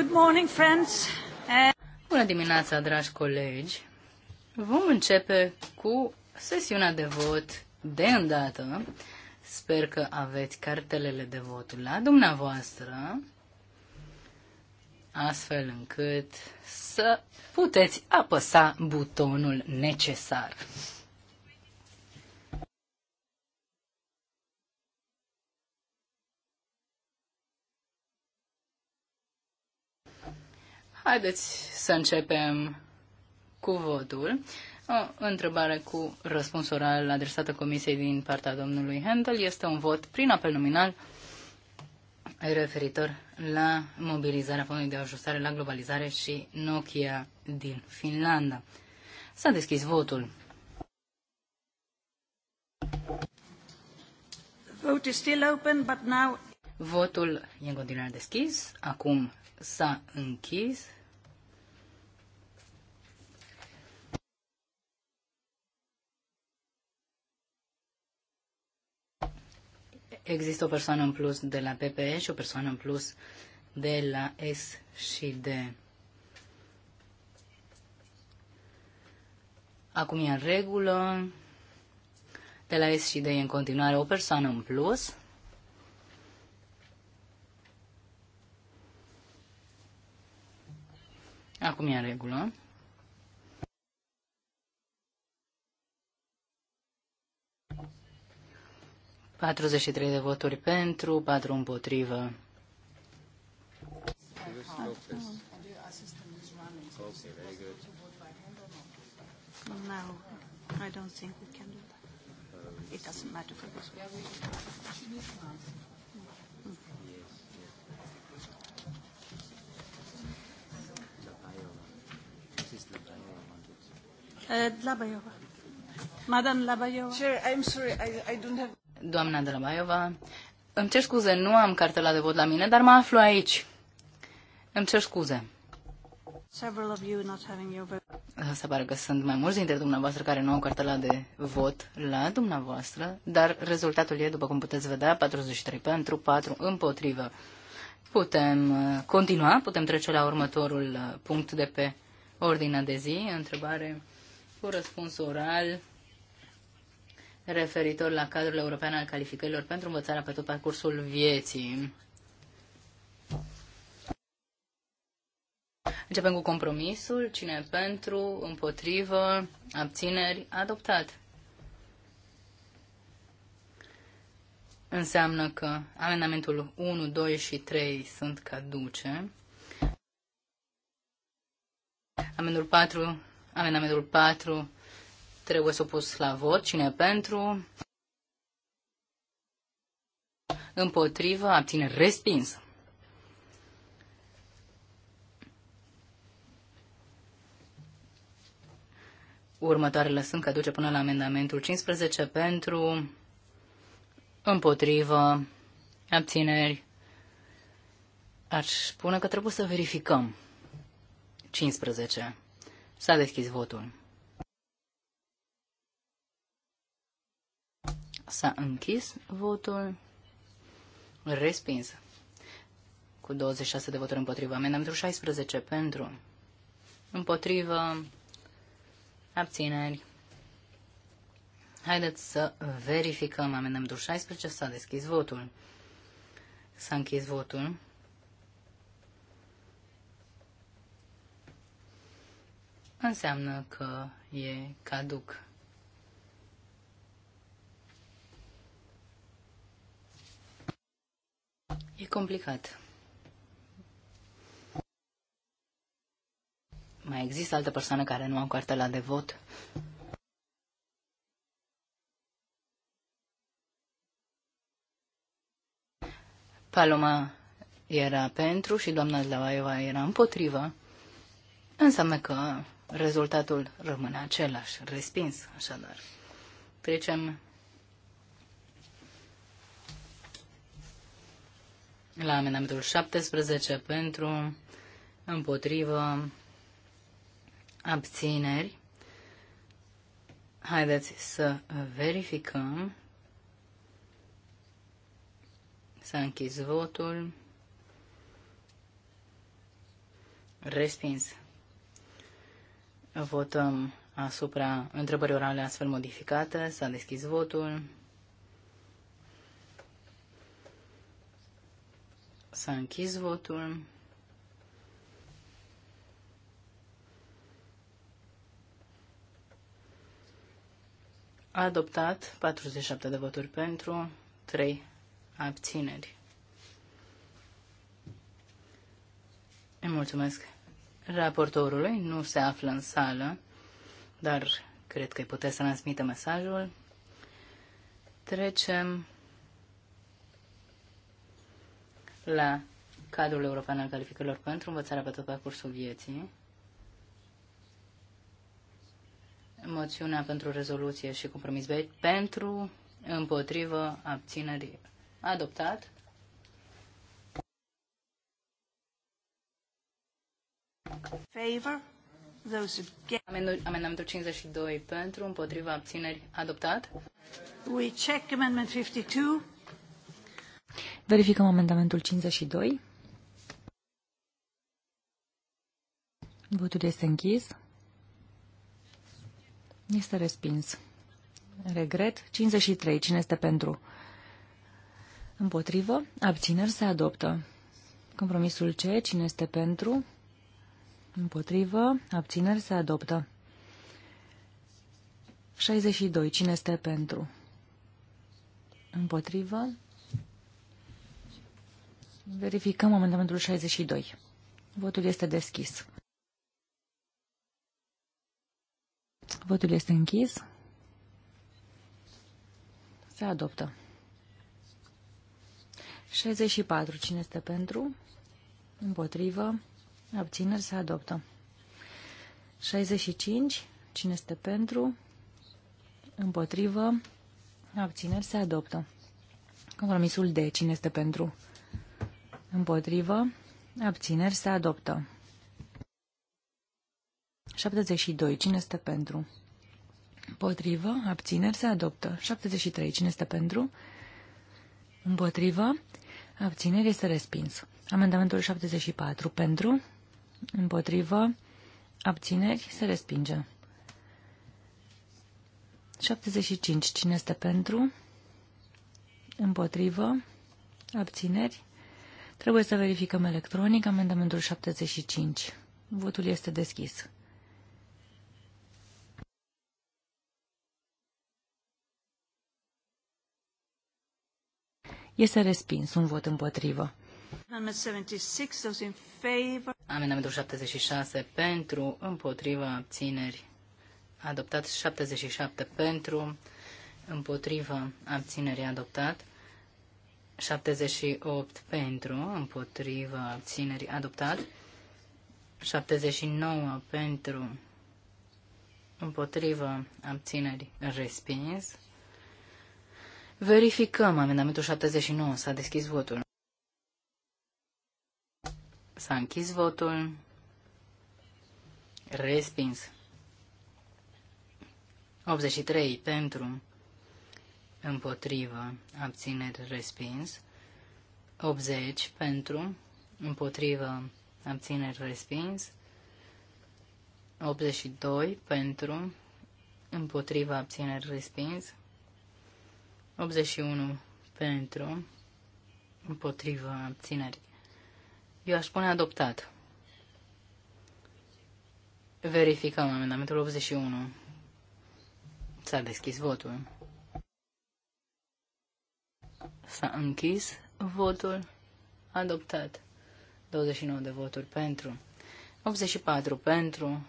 Good morning, friends. Bună dimineața, dragi colegi. Vom începe cu sesiunea de vot de îndată. Sper că aveți cartelele de vot la dumneavoastră, astfel încât să puteți apăsa butonul necesar. Haideți să începem cu votul. O întrebare cu răspuns oral adresată Comisiei din partea domnului Handel este un vot prin apel nominal referitor la mobilizarea fondului de ajustare la globalizare și Nokia din Finlanda. S-a deschis votul. Vote is still open, but now... Votul e în continuare deschis. Acum s-a închis. Există o persoană în plus de la PPE și o persoană în plus de la S și D. Acum e în regulă. De la S și D e în continuare o persoană în plus. Acum e în regulă. Patruzeci de voturi pentru, patru împotrivă. I don't think we can do that. It doesn't matter for this one. Eh, Dlabajova. Madame Doamna îmi cer scuze, nu am cartela de vot la mine, dar mă aflu aici. Îmi cer scuze. Se pare că sunt mai mulți dintre dumneavoastră care nu au cartela de vot la dumneavoastră, dar rezultatul e, după cum puteți vedea, 43 pentru, 4 împotrivă. Putem uh, continua, putem trece la următorul uh, punct de pe ordinea de zi, întrebare cu răspuns oral referitor la cadrul european al calificărilor pentru învățarea pe tot parcursul vieții. Începem cu compromisul. Cine pentru, împotrivă, abțineri, adoptat. Înseamnă că amendamentul 1, 2 și 3 sunt caduce. Amendul 4 Amendamentul 4 trebuie pus la vot. Cine pentru? Împotrivă, abține respins. Următoarele sunt duce până la amendamentul 15 pentru, împotrivă, abțineri. Aș spune că trebuie să verificăm. 15. S-a deschis votul. S-a închis votul. Respins. Cu 26 de voturi împotriva. Amendamentul 16 pentru. Împotrivă. Abțineri. Haideți să verificăm amendamentul 16. S-a deschis votul. S-a închis votul. înseamnă că e caduc. E complicat. Mai există alte persoane care nu a cartela de vot? Paloma era pentru și doamna Zlavaeva era împotrivă. Înseamnă că Rezultatul rămâne același, respins, așadar. Trecem la amendamentul 17 pentru împotrivă abțineri. Haideți să verificăm. S-a închis votul. Respins. Votăm asupra întrebării orale astfel modificată. S-a deschis votul. S-a închis votul. A adoptat 47 de voturi pentru, 3 abțineri. Îi mulțumesc Raportorului nu se află în sală, dar cred că îi puteți să transmită mesajul. Trecem la cadrul european al calificărilor pentru învățarea pe tot parcursul vieții, moțiunea pentru rezoluție și compromis B pentru, împotrivă, abținerii adoptat, Favor. Those Amendamentul 52 pentru, împotriva abțineri, adoptat. We check amendment 52. Verificăm amendamentul 52. Votul este închis. Este respins. Regret. 53. Cine este pentru? Împotrivă. Abțineri se adoptă. Compromisul C. Cine este pentru? Împotrivă. Abțineri se adoptă. 62. Cine este pentru? Împotrivă. Verificăm amendamentul 62. Votul este deschis. Votul este închis. Se adoptă. 64. Cine este pentru? Împotrivă. Abțineri se adoptă. 65. Cine este pentru? Împotrivă. Abțineri se adoptă. Compromisul D. Cine este pentru? Împotrivă. Abțineri se adoptă. 72. Cine este pentru? Împotrivă. Abțineri se adoptă. 73. Cine este pentru? Împotrivă. Abțineri este respins. Amendamentul 74. Pentru împotrivă, abțineri, se respinge. 75. Cine este pentru? Împotrivă, abțineri. Trebuie să verificăm electronic amendamentul 75. Votul este deschis. Este respins un vot împotrivă. Amendamentul 76 pentru, împotriva, abțineri. Adoptat 77 pentru, împotriva, abțineri adoptat. 78 pentru, împotriva, abțineri adoptat. 79 pentru, împotriva, abțineri respins. Verificăm amendamentul 79. S-a deschis votul. S-a închis votul. Respins. 83 pentru. Împotrivă. Abțineri. Respins. 80 pentru. Împotrivă. Abțineri. Respins. 82 pentru. Împotrivă. Abțineri. Respins. 81 pentru. Împotrivă. Abțineri. Eu aș spune adoptat. Verificăm amendamentul 81. S-a deschis votul. S-a închis votul. Adoptat. 29 de voturi pentru. 84 pentru.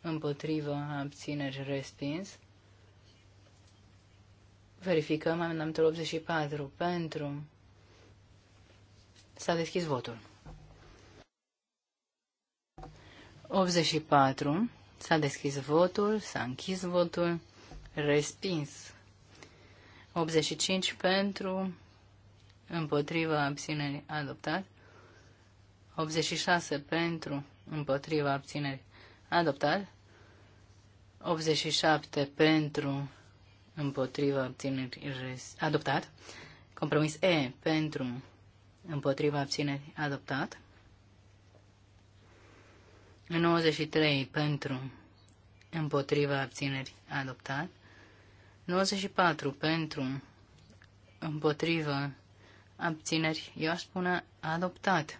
Împotrivă. Abțineri. Respins. Verificăm amendamentul 84 pentru. S-a deschis votul. 84. S-a deschis votul, s-a închis votul, respins. 85 pentru, împotriva abținerii, adoptat. 86 pentru, împotriva abținerii, adoptat. 87 pentru, împotriva abținerii, adoptat. Compromis E pentru, împotriva abținerii adoptat. 93 pentru împotriva abținerii adoptat. 94 pentru împotriva abțineri, eu aș spune adoptat.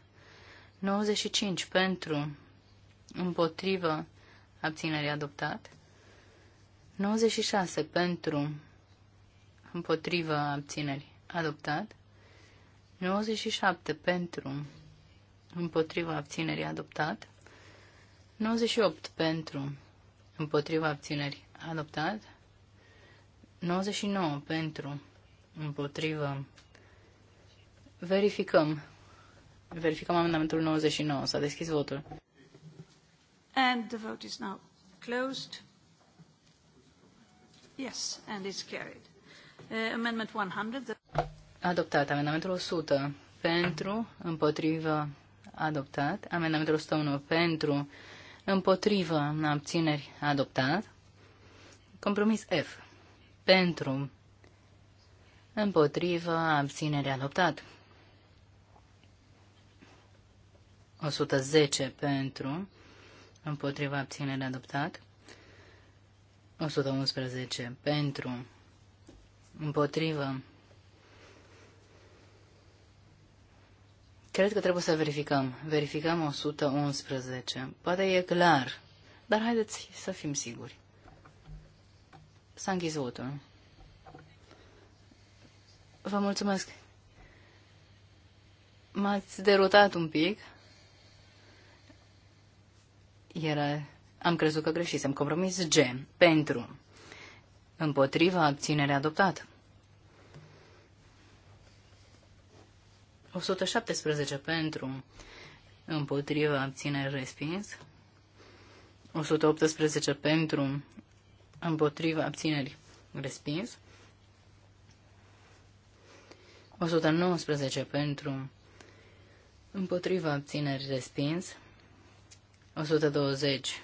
95 pentru împotriva abținerii adoptat. 96 pentru împotriva abținerii adoptat. 97 pentru, împotriva abținerii adoptat. 98 pentru, împotriva abținerii adoptat. 99 pentru, împotriva. Verificăm. Verificăm amendamentul 99. S-a deschis votul. And the vote is now closed. Yes, and it's carried. Uh, amendment 100. Adoptat. Amendamentul 100 pentru, împotrivă, adoptat. Amendamentul 101 pentru, împotrivă, abțineri, adoptat. Compromis F. Pentru, împotrivă, abțineri, adoptat. 110 pentru, împotrivă, abțineri, adoptat, 111 pentru, împotrivă Cred că trebuie să verificăm. Verificăm 111. Poate e clar, dar haideți să fim siguri. S-a închis votul. Vă mulțumesc. M-ați derutat un pic. Era... Am crezut că greșisem. Compromis G. Pentru. Împotriva abținerea adoptată. 117 pentru, împotriva, abțineri, respins. 118 pentru, împotriva, abțineri, respins. 119 pentru, împotriva, abțineri, respins. 120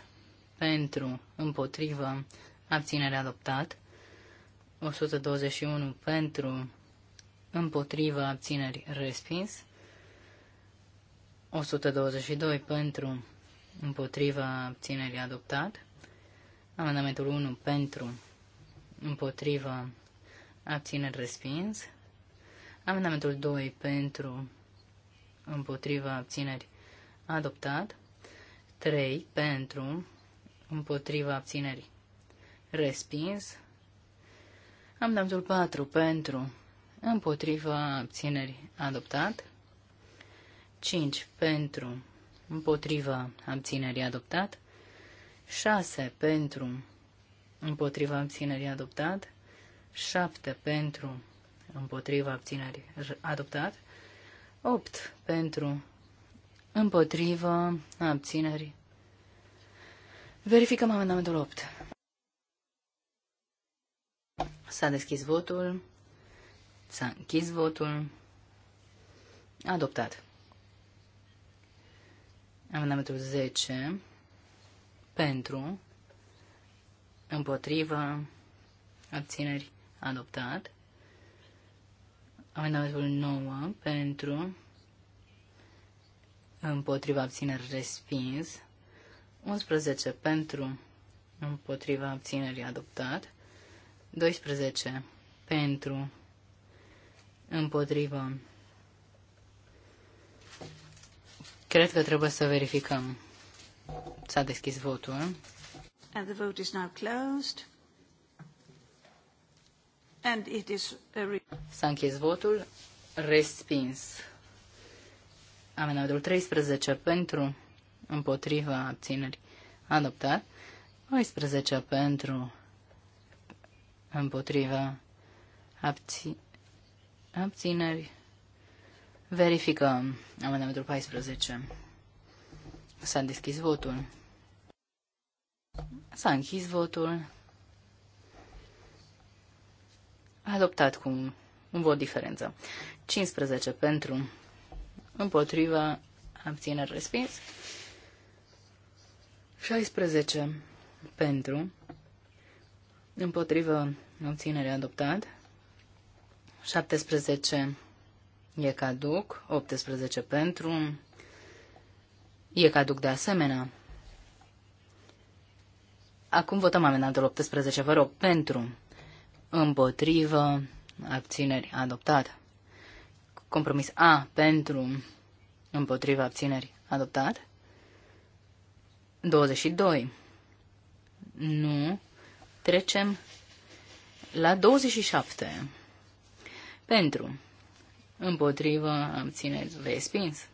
pentru, împotriva, abținere adoptat. 121 pentru, împotriva abțineri respins, 122 pentru împotriva abținerii adoptat, amendamentul 1 pentru împotriva abțineri respins, amendamentul 2 pentru împotriva abțineri adoptat, 3 pentru împotriva abținerii respins, amendamentul 4 pentru Împotriva abțineri adoptat, 5 pentru împotriva abținerii adoptat, 6 pentru împotriva abținerii adoptat, 7 pentru împotriva abținerii adoptat, 8 pentru împotriva abținerii. Verificăm amendamentul 8. S-a deschis votul. S-a închis votul. Adoptat. Amendamentul 10 pentru, împotrivă, abțineri, adoptat. Amendamentul 9 pentru, împotriva abțineri, respins. 11 pentru, împotriva abținerii, adoptat. 12 pentru, împotrivă. Cred că trebuie să verificăm. S-a deschis votul. And the vote is now closed. And it is S-a închis votul. Respins. Amendamentul 13 pentru, împotriva abțineri. Adoptat. 14 pentru, împotriva abțineri abțineri. Verificăm amendamentul 14. S-a deschis votul. S-a închis votul. Adoptat cu un vot diferență. 15 pentru, împotriva, abțineri respins. 16 pentru, împotriva, obținerea adoptat. 17 e caduc, 18 pentru, e caduc de asemenea. Acum votăm amendamentul 18, vă rog, pentru, împotrivă, abțineri, adoptat. Compromis A, pentru, împotrivă, abțineri, adoptat. 22. Nu. Trecem la 27. Pentru. Împotrivă, țineți respins.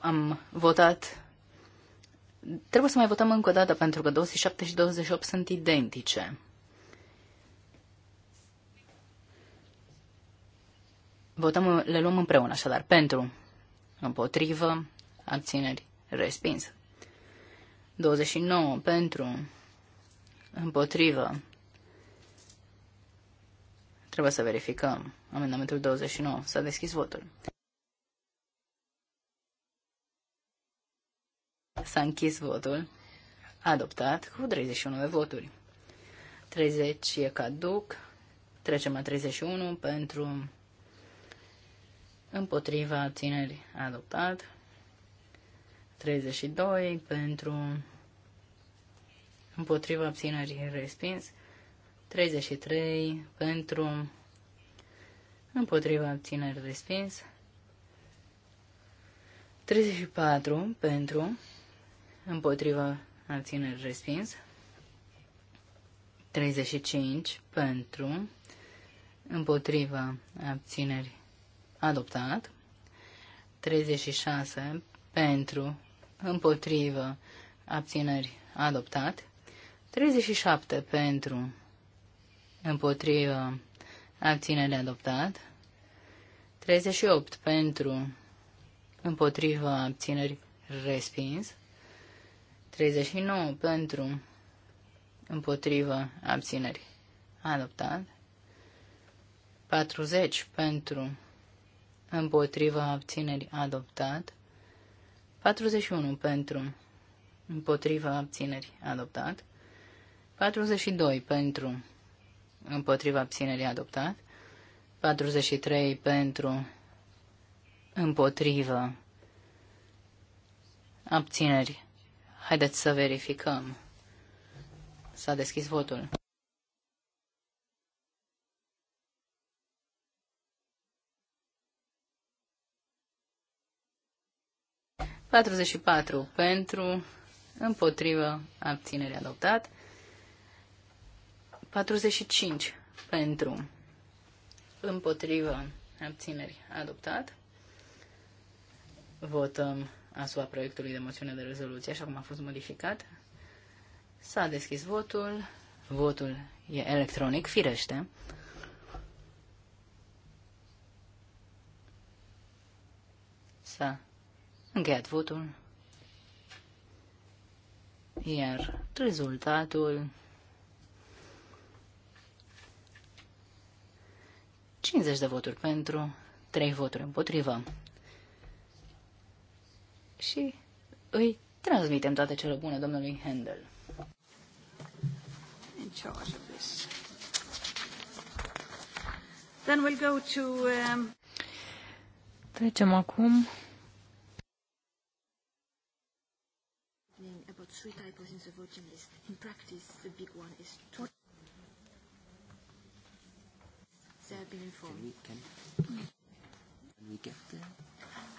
Am votat. Trebuie să mai votăm încă o dată, pentru că 27 și 28 sunt identice. Votăm, le luăm împreună, așadar, pentru, împotrivă, abțineri, respins. 29 pentru, împotrivă, trebuie să verificăm. Amendamentul 29, s-a deschis votul. S-a închis votul, adoptat cu 31 de voturi. 30 e caduc, trecem la 31 pentru împotriva tineri. adoptat, 32 pentru împotriva abținerii respins, 33 pentru împotriva abținerii respins, 34 pentru împotriva abținerii respins, 35 pentru împotriva abținerii adoptat, 36 pentru împotrivă, abțineri, adoptat. 37 pentru, împotrivă, abținere, adoptat. 38 pentru, împotrivă, abțineri, respins. 39 pentru, împotrivă, abțineri, adoptat. 40 pentru, împotriva abținerii adoptat, 41 pentru, împotriva abținerii adoptat. 42 pentru, împotriva abținerii adoptat. 43 pentru, împotriva abțineri. Haideți să verificăm. S-a deschis votul. 44 pentru, împotrivă, abținere adoptat. 45 pentru, împotrivă, abțineri adoptat. Votăm asupra proiectului de moțiune de rezoluție, așa cum a fost modificat. S-a deschis votul. Votul e electronic, firește. S-a Încheiat votul. Iar rezultatul 50 de voturi pentru, 3 voturi împotrivă. Și îi transmitem toate cele bune domnului Handel. Then we'll go to, um... Trecem acum three typos in the voting list. In practice, the big one is two. They have been informed. Can we, can, can we get there?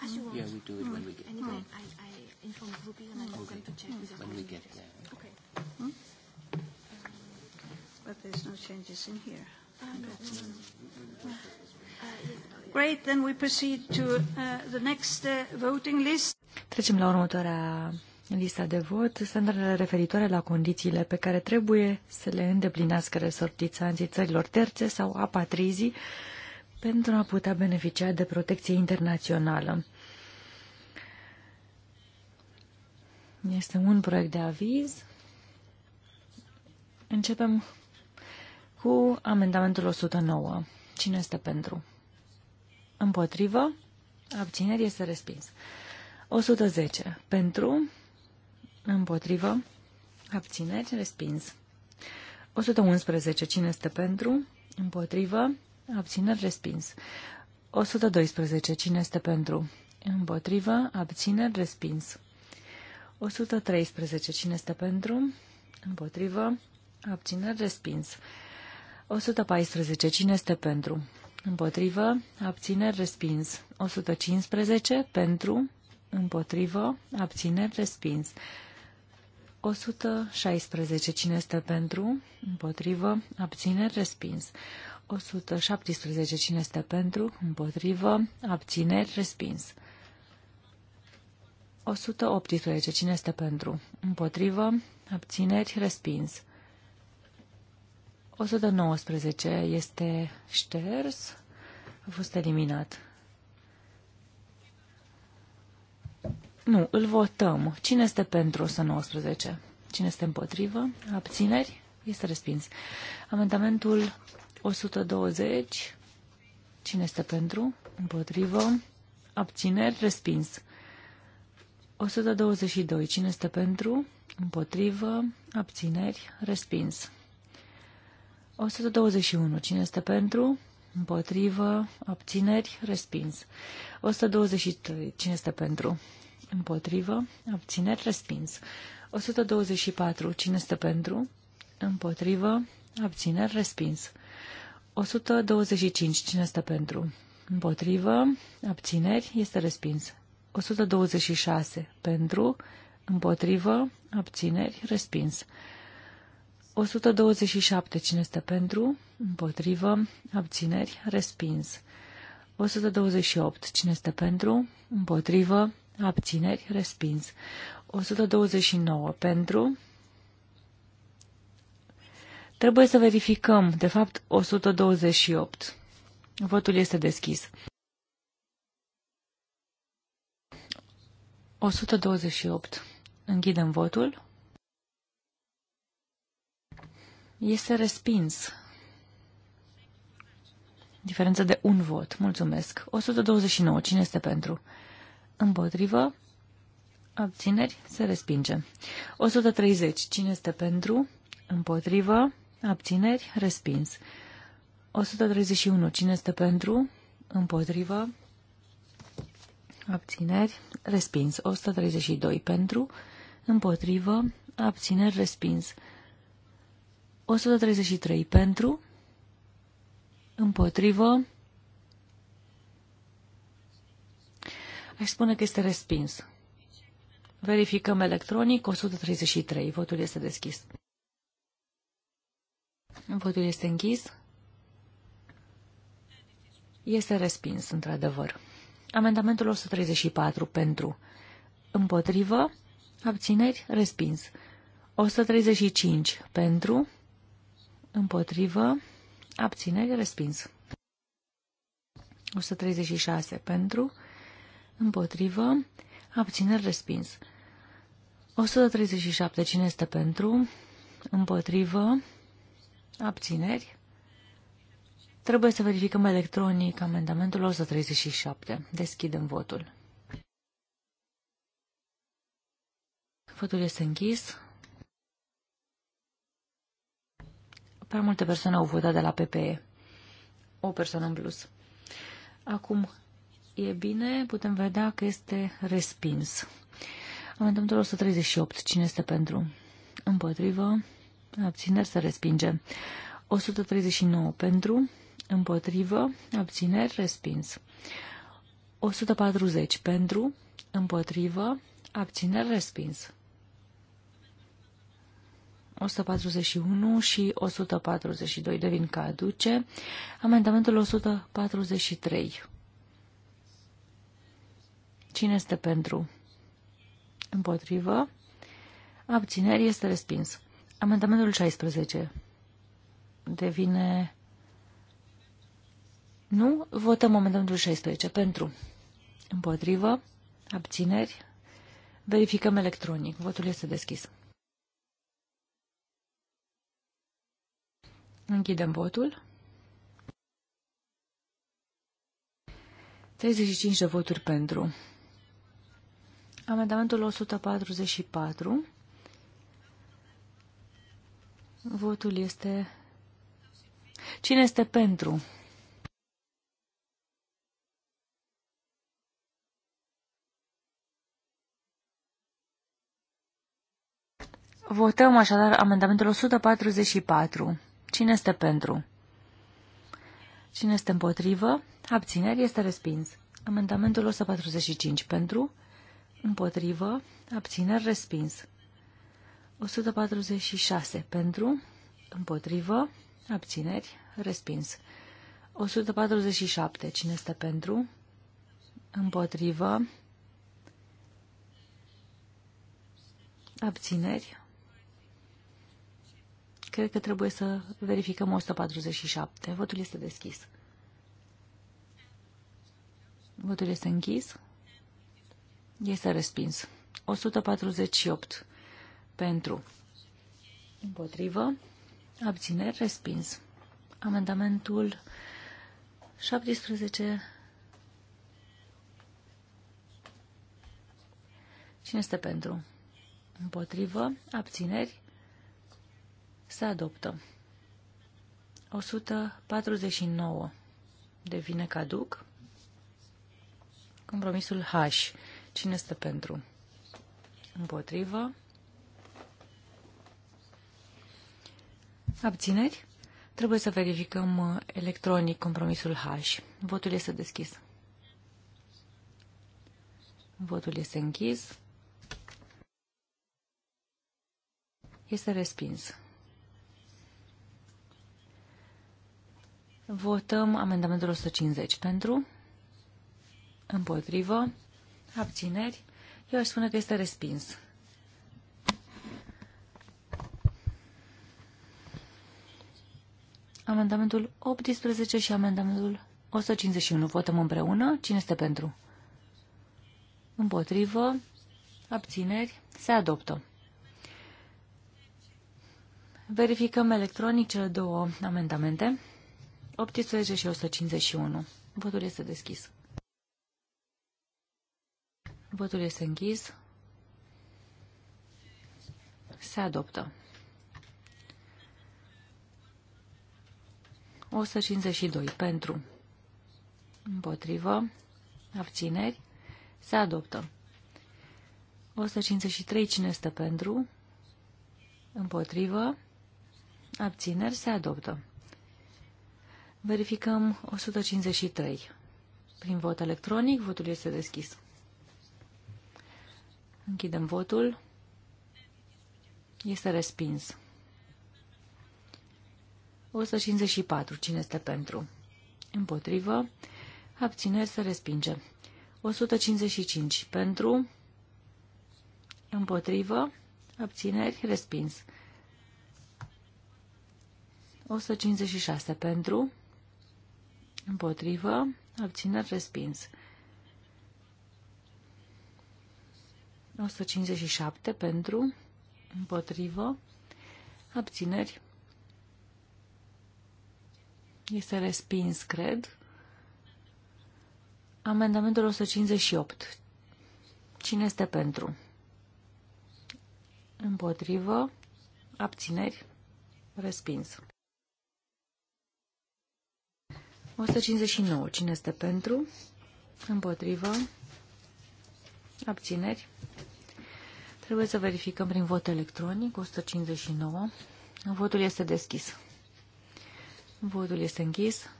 As you want. Yeah, we do it mm. when we get anyway, there. Anyway, I, I inform Ruby and I'm okay. going to check mm. with When we get there. Okay. Mm? But there's no changes in here. Uh, uh, Great, then we proceed to uh, the next uh, voting list. Trecem la următoarea lista de vot sunt referitoare la condițiile pe care trebuie să le îndeplinească resortițanții țărilor terțe sau apatrizii pentru a putea beneficia de protecție internațională. Este un proiect de aviz. Începem cu amendamentul 109. Cine este pentru? Împotrivă? Abțineri este respins. 110. Pentru? Împotrivă. Abțineri. Respins. 111. Cine este pentru? Împotrivă. Abțineri. Respins. 112. Cine este pentru? Împotrivă. Abțineri. Respins. 113. Cine este pentru? Împotrivă. Abțineri. Respins. 114. Cine este pentru? Împotrivă. Abțineri. Respins. 115. Pentru. Împotrivă. Abțineri. Respins. 116. Cine este pentru? Împotrivă. Abțineri. Respins. 117. Cine este pentru? Împotrivă. Abțineri. Respins. 118. Cine este pentru? Împotrivă. Abțineri. Respins. 119. Este șters. A fost eliminat. Nu, îl votăm. Cine este pentru 119? Cine este împotrivă? Abțineri? Este respins. Amendamentul 120. Cine este pentru? Împotrivă? Abțineri? Respins. 122. Cine este pentru? Împotrivă? Abțineri? Respins. 121. Cine este pentru? Împotrivă? Abțineri? Respins. 123. Cine este pentru? Împotrivă. Abțineri. Respins. 124. Cine este pentru? Împotrivă. Abțineri. Respins. 125. Cine este pentru? Împotrivă. Abțineri. Este respins. 126. Pentru. Împotrivă. Abțineri. Respins. 127. Cine este pentru? Împotrivă. Abțineri. Respins. 128. Cine este pentru? Împotrivă abțineri, respins. 129 pentru. Trebuie să verificăm, de fapt, 128. Votul este deschis. 128. Închidem votul. Este respins. Diferență de un vot. Mulțumesc. 129. Cine este pentru? Împotrivă. Abțineri. Se respinge. 130. Cine este pentru? Împotrivă. Abțineri. Respins. 131. Cine este pentru? Împotrivă. Abțineri. Respins. 132. Pentru. Împotrivă. Abțineri. Respins. 133. Pentru. Împotrivă. Aș spune că este respins. Verificăm electronic 133. Votul este deschis. Votul este închis. Este respins, într-adevăr. Amendamentul 134 pentru. Împotrivă. Abțineri. Respins. 135 pentru. Împotrivă. Abțineri. Respins. 136 pentru. Împotrivă. Abțineri respins. 137. Cine este pentru? Împotrivă. Abțineri. Trebuie să verificăm electronic amendamentul 137. Deschidem votul. Votul este închis. Prea multe persoane au votat de la PPE. O persoană în plus. Acum E bine, putem vedea că este respins. Amendamentul 138. Cine este pentru? Împotrivă. Abțineri se respinge. 139 pentru. Împotrivă. Abțineri respins. 140 pentru. Împotrivă. Abțineri respins. 141 și 142 devin caduce. Amendamentul 143 Cine este pentru? Împotrivă. Abțineri este respins. Amendamentul 16 devine... Nu? Votăm amendamentul 16. Pentru. Împotrivă. Abțineri. Verificăm electronic. Votul este deschis. Închidem votul. 35 de voturi pentru. Amendamentul 144. Votul este... Cine este pentru? Votăm așadar amendamentul 144. Cine este pentru? Cine este împotrivă? Abțineri este respins. Amendamentul 145 pentru, împotrivă, abțineri, respins. 146 pentru, împotrivă, abțineri, respins. 147, cine este pentru, împotrivă, abțineri, cred că trebuie să verificăm 147. Votul este deschis. Votul este închis. Este respins. 148 pentru. Împotrivă. Abțineri. Respins. Amendamentul 17. Cine este pentru? Împotrivă. Abțineri. Se adoptă. 149 devine caduc. Compromisul H Cine este pentru? Împotrivă. Abțineri? Trebuie să verificăm uh, electronic compromisul H. Votul este deschis. Votul este închis. Este respins. Votăm amendamentul 150 pentru, împotrivă, Abțineri? Eu aș spune că este respins. Amendamentul 18 și amendamentul 151. Votăm împreună. Cine este pentru? Împotrivă. Abțineri. Se adoptă. Verificăm electronic cele două amendamente. 18 și 151. Votul este deschis. Votul este închis. Se adoptă. 152 pentru. Împotrivă. Abțineri. Se adoptă. 153 cine este pentru? Împotrivă. Abțineri. Se adoptă. Verificăm 153. Prin vot electronic, votul este deschis. Închidem votul. Este respins. 154. Cine este pentru? Împotrivă. Abțineri se respinge. 155. Pentru. Împotrivă. Abțineri. Respins. 156. Pentru. Împotrivă. Abțineri. Respins. 157 pentru, împotrivă, abțineri. Este respins, cred. Amendamentul 158. Cine este pentru? Împotrivă, abțineri, respins. 159. Cine este pentru? Împotrivă, abțineri, Trebuie să verificăm prin vot electronic 159. Votul este deschis. Votul este închis.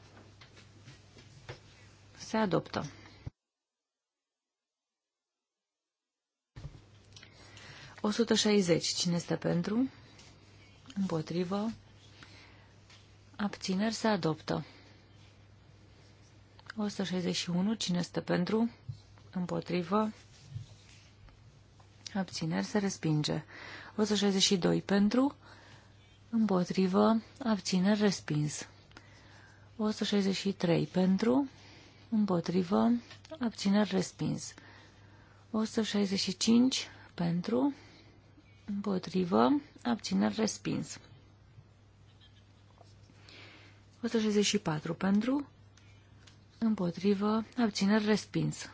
Se adoptă. O 160. Cine este pentru? Împotrivă. Abțineri se adoptă. 161. Cine este pentru? Împotrivă. Abțineri se respinge. 162 pentru, împotrivă, abțineri respins. 163 pentru, împotrivă, abțineri respins. 165 pentru, împotrivă, abțineri respins. 164 pentru, împotrivă, abțineri respins.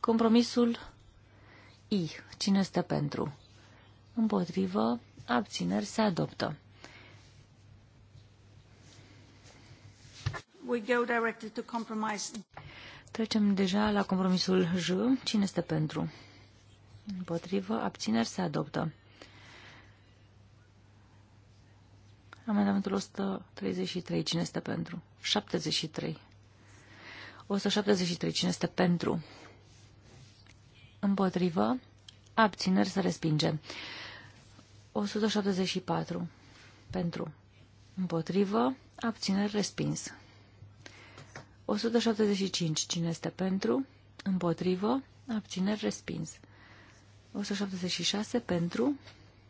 Compromisul I. Cine stă pentru? Împotrivă. Abțineri se adoptă. We go directly to compromise. Trecem deja la compromisul J. Cine este pentru? Împotrivă. Abțineri se adoptă. Amendamentul 133. Cine este pentru? 73. 173. Cine este pentru? împotrivă, abțineri să respinge. 174 pentru, împotrivă, abțineri respins. 175 cine este pentru, împotrivă, abțineri respins. 176 pentru,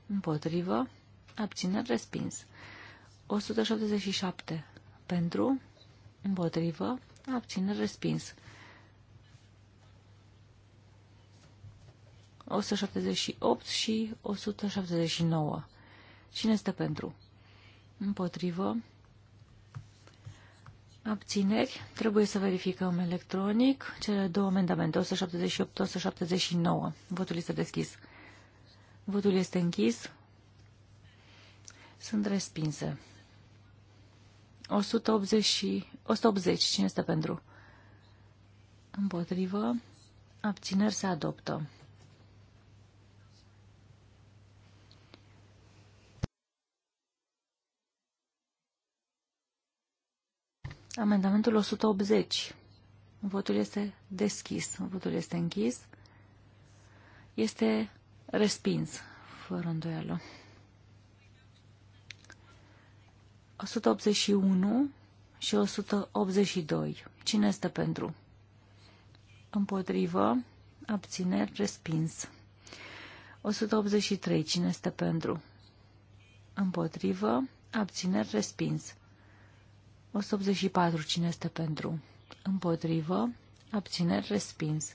împotrivă, abțineri respins. 177 pentru, împotrivă, abțineri respins. 178 și 179. Cine este pentru? Împotrivă. Abțineri. Trebuie să verificăm electronic cele două amendamente, 178-179. Votul este deschis. Votul este închis. Sunt respinse. 180, și 180. Cine este pentru? Împotrivă. Abțineri se adoptă. Amendamentul 180. Votul este deschis. Votul este închis. Este respins, fără îndoială. 181 și 182. Cine este pentru? Împotrivă. Abțineri. Respins. 183. Cine este pentru? Împotrivă. Abțineri. Respins. 184. Cine este pentru? Împotrivă. Abțineri. Respins.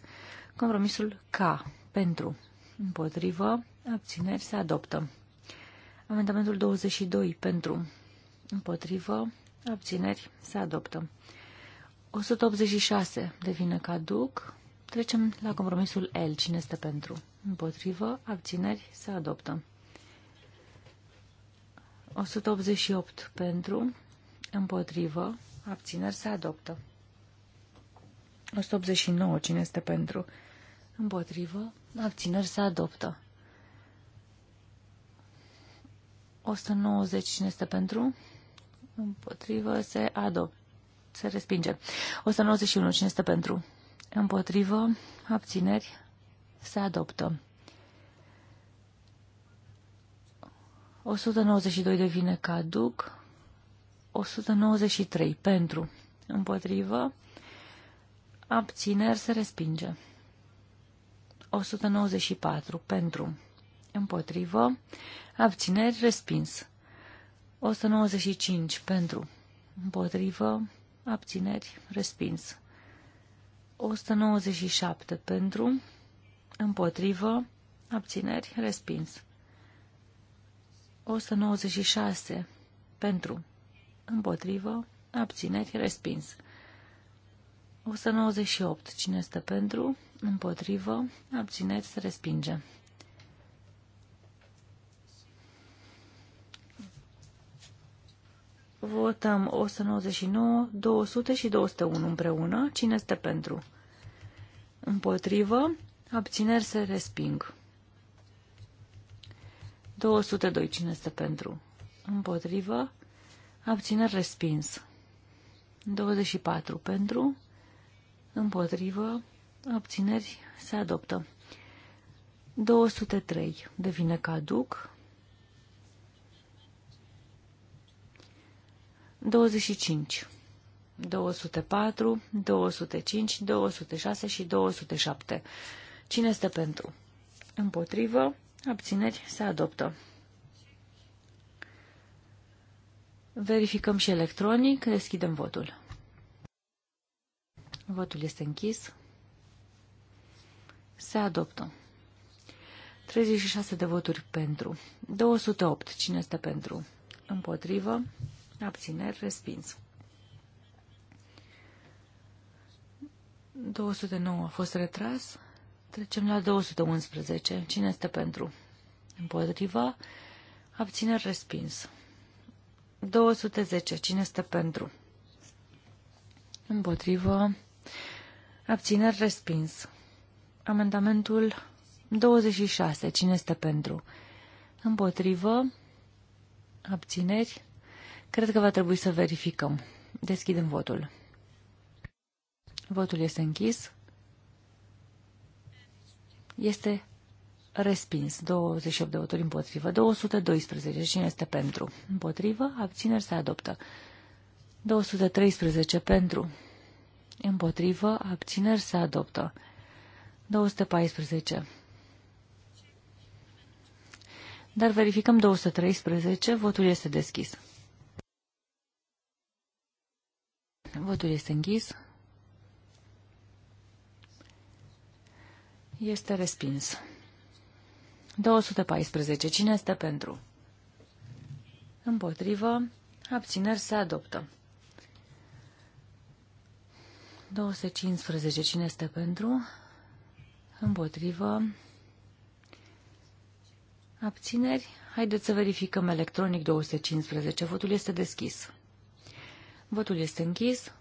Compromisul K. Pentru. Împotrivă. Abțineri. Se adoptă. Amendamentul 22. Pentru. Împotrivă. Abțineri. Se adoptă. 186. Devine caduc. Trecem la compromisul L. Cine este pentru? Împotrivă. Abțineri. Se adoptă. 188 pentru, Împotrivă. Abțineri se adoptă. 189. Cine este pentru? Împotrivă. Abțineri se adoptă. 190. Cine este pentru? Împotrivă. Se adoptă. Se respinge. 191. Cine este pentru? Împotrivă. Abțineri se adoptă. 192 devine caduc. 193 pentru, împotrivă, abțineri se respinge. 194 pentru, împotrivă, abțineri respins. 195 pentru, împotrivă, abțineri respins. 197 pentru, împotrivă, abțineri respins. 196 pentru, împotrivă, abțineri, respins. 198. Cine este pentru, împotrivă, abțineri, se respinge. Votăm 199, 200 și 201 împreună. Cine este pentru? Împotrivă, abțineri, se resping. 202. Cine este pentru? Împotrivă, Abțineri respins. 24 pentru, împotrivă, abțineri se adoptă. 203 devine caduc. 25, 204, 205, 206 și 207. Cine este pentru? Împotrivă, abțineri se adoptă. Verificăm și electronic. Deschidem votul. Votul este închis. Se adoptă. 36 de voturi pentru. 208. Cine este pentru? Împotrivă. Abțineri. Respins. 209 a fost retras. Trecem la 211. Cine este pentru? Împotrivă. Abțineri. Respins. 210. Cine stă pentru? Împotrivă. Abțineri respins. Amendamentul 26. Cine stă pentru? Împotrivă. Abțineri. Cred că va trebui să verificăm. Deschidem votul. Votul este închis. Este respins. 28 de voturi împotrivă. 212. Cine este pentru? Împotrivă. Abțineri se adoptă. 213 pentru. Împotrivă. Abțineri se adoptă. 214. Dar verificăm 213. Votul este deschis. Votul este închis. Este respins. 214. Cine este pentru? Împotrivă. Abțineri se adoptă. 215. Cine este pentru? Împotrivă. Abțineri. Haideți să verificăm electronic 215. Votul este deschis. Votul este închis.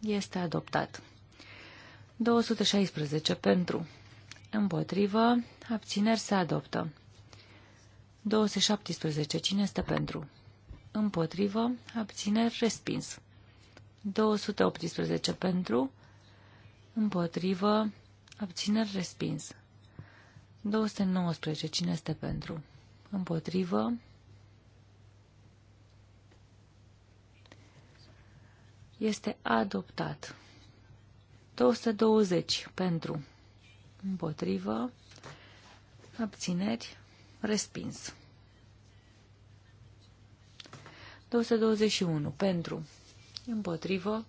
Este adoptat. 216 pentru. Împotrivă. Abțineri se adoptă. 217. Cine este pentru? Împotrivă. Abțineri respins. 218 pentru. Împotrivă. Abțineri respins. 219. Cine este pentru? Împotrivă. Este adoptat. 220 pentru împotrivă, abțineri, respins. 221. Pentru, împotrivă,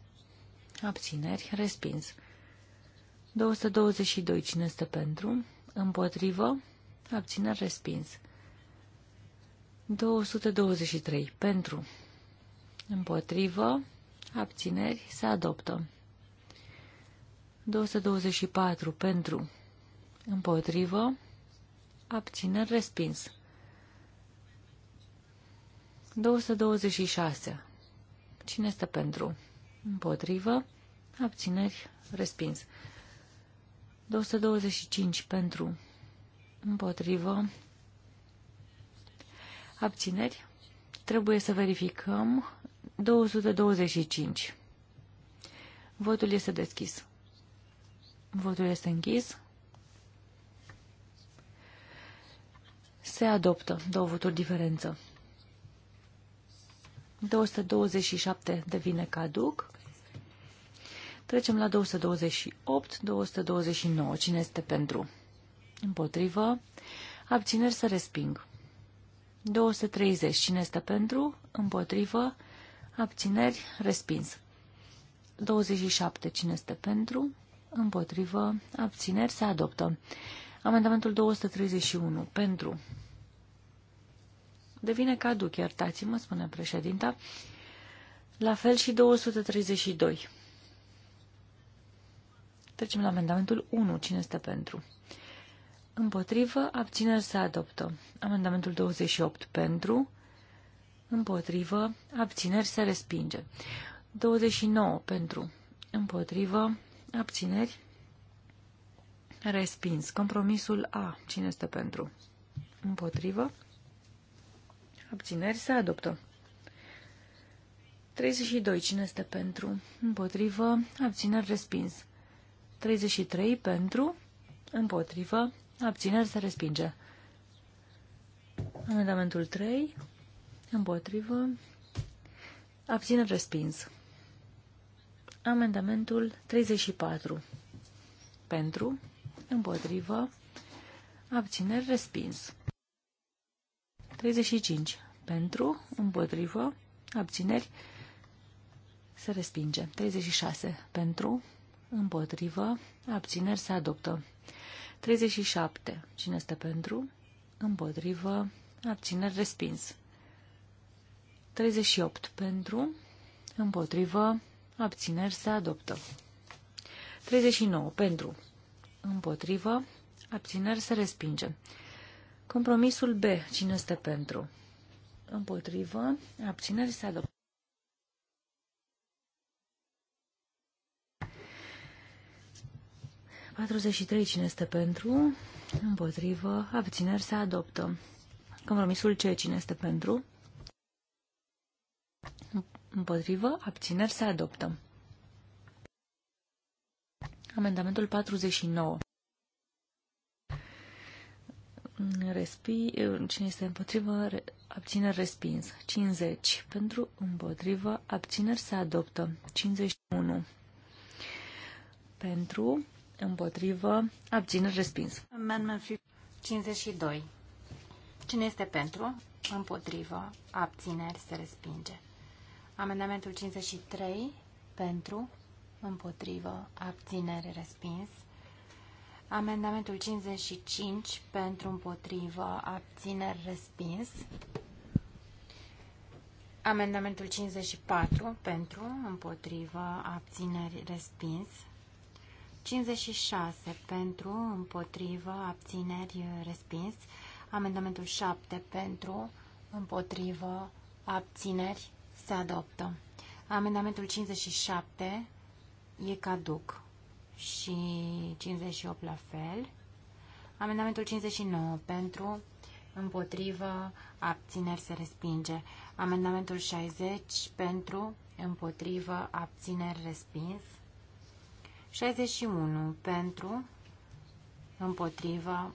abțineri, respins. 222. Cine este pentru, împotrivă, abțineri, respins. 223. Pentru, împotrivă, abțineri, se adoptă. 224. Pentru, Împotrivă. Abțineri respins. 226. Cine este pentru? Împotrivă. Abțineri respins. 225 pentru. Împotrivă. Abțineri. Trebuie să verificăm. 225. Votul este deschis. Votul este închis. Se adoptă. Două voturi diferență. 227 devine caduc. Trecem la 228, 229. Cine este pentru? Împotrivă. Abțineri să resping. 230. Cine este pentru? Împotrivă. Abțineri respins. 27. Cine este pentru? Împotrivă. Abțineri se adoptă. Amendamentul 231. Pentru devine caduc, iertați-mă, spune președinta. La fel și 232. Trecem la amendamentul 1. Cine este pentru? Împotrivă, abțineri se adoptă. Amendamentul 28 pentru, împotrivă, abțineri se respinge. 29 pentru, împotrivă, abțineri, respins. Compromisul A. Cine este pentru? Împotrivă, Abțineri se adoptă. 32. Cine este pentru? Împotrivă. Abțineri respins. 33. Pentru. Împotrivă. Abțineri se respinge. Amendamentul 3. Împotrivă. Abțineri respins. Amendamentul 34. Pentru. Împotrivă. Abțineri respins. 35. Pentru, împotrivă, abțineri, se respinge. 36. Pentru, împotrivă, abțineri, se adoptă. 37. Cine este pentru, împotrivă, abțineri, respins. 38. Pentru, împotrivă, abțineri, se adoptă. 39. Pentru, împotrivă, abțineri, se respinge. Compromisul B. Cine este pentru? Împotrivă. Abțineri se adoptă. trei cine este pentru? Împotrivă. Abțineri se adoptă. Compromisul C. Cine este pentru? Împotrivă. Abțineri se adoptă. Amendamentul 49 respi, cine este împotrivă, abțineri respins. 50. Pentru împotrivă, abțineri se adoptă. 51. Pentru împotrivă, abțineri respins. 52. Cine este pentru, împotrivă, abțineri se respinge. Amendamentul 53. Pentru, împotrivă, abțineri respins. Amendamentul 55 pentru împotrivă, abțineri respins. Amendamentul 54 pentru împotrivă, abțineri respins. 56 pentru împotrivă, abțineri respins. Amendamentul 7 pentru împotrivă, abțineri se adoptă. Amendamentul 57 e caduc și 58 la fel. Amendamentul 59 pentru, împotrivă, abțineri se respinge. Amendamentul 60 pentru, împotrivă, abțineri respins. 61 pentru, împotrivă,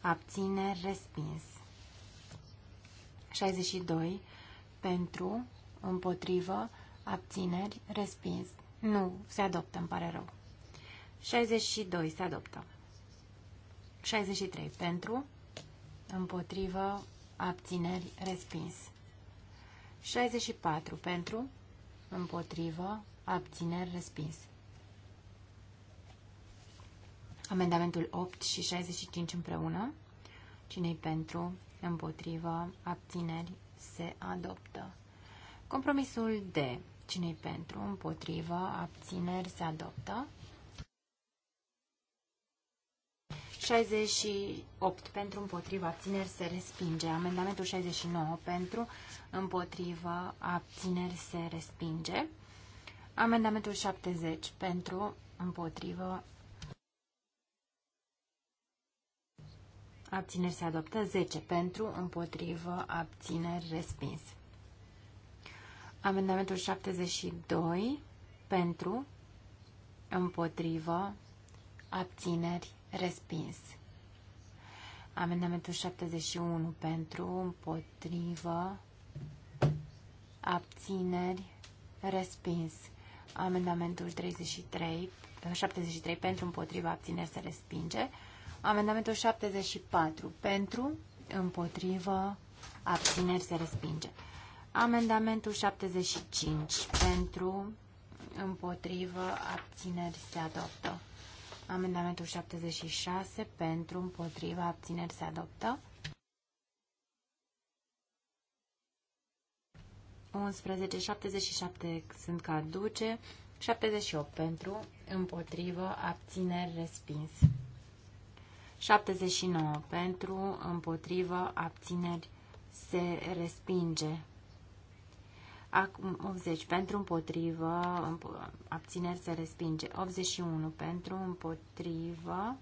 abțineri respins. 62 pentru, împotrivă, abțineri respins. Nu, se adoptă, îmi pare rău. 62 se adoptă. 63 pentru, împotrivă, abțineri, respins. 64 pentru, împotrivă, abțineri, respins. Amendamentul 8 și 65 împreună. Cinei pentru, împotrivă, abțineri, se adoptă. Compromisul D cine pentru, împotrivă, abțineri, se adoptă. 68 pentru, împotrivă, abțineri, se respinge. Amendamentul 69 pentru, împotrivă, abțineri, se respinge. Amendamentul 70 pentru, împotrivă, abțineri, se adoptă. 10 pentru, împotrivă, abțineri, respins. Amendamentul 72 pentru, împotrivă, abțineri, respins. Amendamentul 71 pentru, împotrivă, abțineri, respins. Amendamentul 33, 73 pentru, împotrivă, abțineri, se respinge. Amendamentul 74 pentru, împotrivă, abțineri, se respinge. Amendamentul 75 pentru, împotrivă, abțineri se adoptă. Amendamentul 76 pentru, împotrivă, abțineri se adoptă. 11, 77 sunt caduce, 78 pentru, împotrivă, abțineri respins. 79 pentru, împotrivă, abțineri se respinge. Acum 80 pentru împotrivă, abțineri se respinge. 81 pentru împotrivă,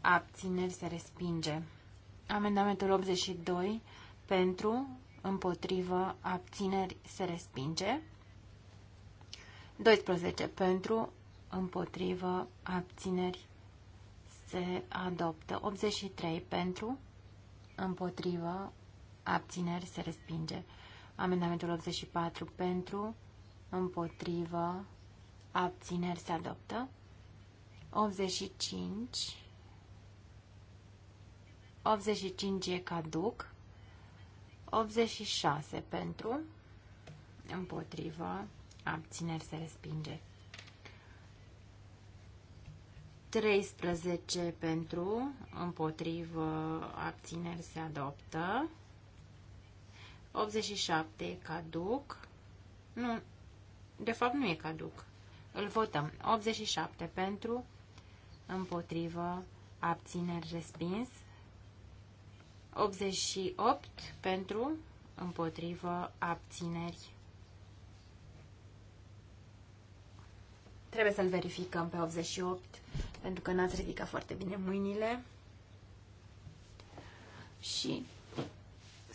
abțineri se respinge. Amendamentul 82 pentru împotrivă, abțineri se respinge. 12 pentru împotrivă, abțineri se adoptă. 83 pentru împotrivă, abțineri se respinge. Amendamentul 84 pentru, împotrivă, abțineri se adoptă. 85. 85 e caduc. 86 pentru, împotrivă, abțineri se respinge. 13 pentru, împotrivă, abțineri se adoptă. 87 caduc. Nu, de fapt nu e caduc. Îl votăm. 87 pentru, împotrivă, abțineri, respins. 88 pentru, împotrivă, abțineri. Trebuie să-l verificăm pe 88, pentru că n-ați ridicat foarte bine mâinile. Și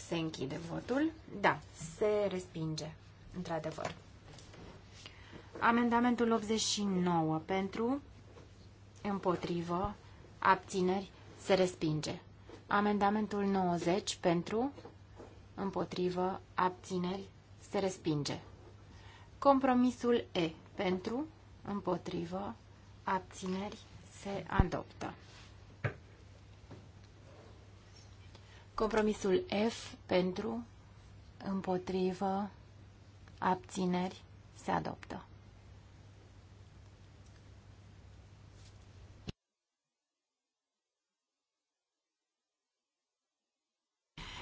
se închide votul. Da, se respinge, într-adevăr. Amendamentul 89 pentru, împotrivă, abțineri, se respinge. Amendamentul 90 pentru, împotrivă, abțineri, se respinge. Compromisul E pentru, împotrivă, abțineri, se adoptă. Compromisul F pentru, împotrivă, abțineri se adoptă.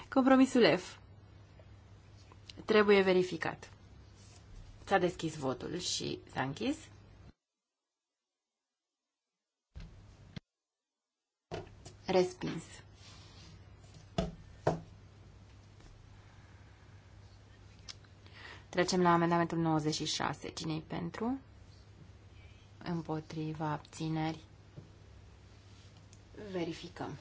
Compromisul F trebuie verificat. S-a deschis votul și s-a închis. Respins. Trecem la amendamentul 96. Cine-i pentru? Împotriva abțineri. Verificăm.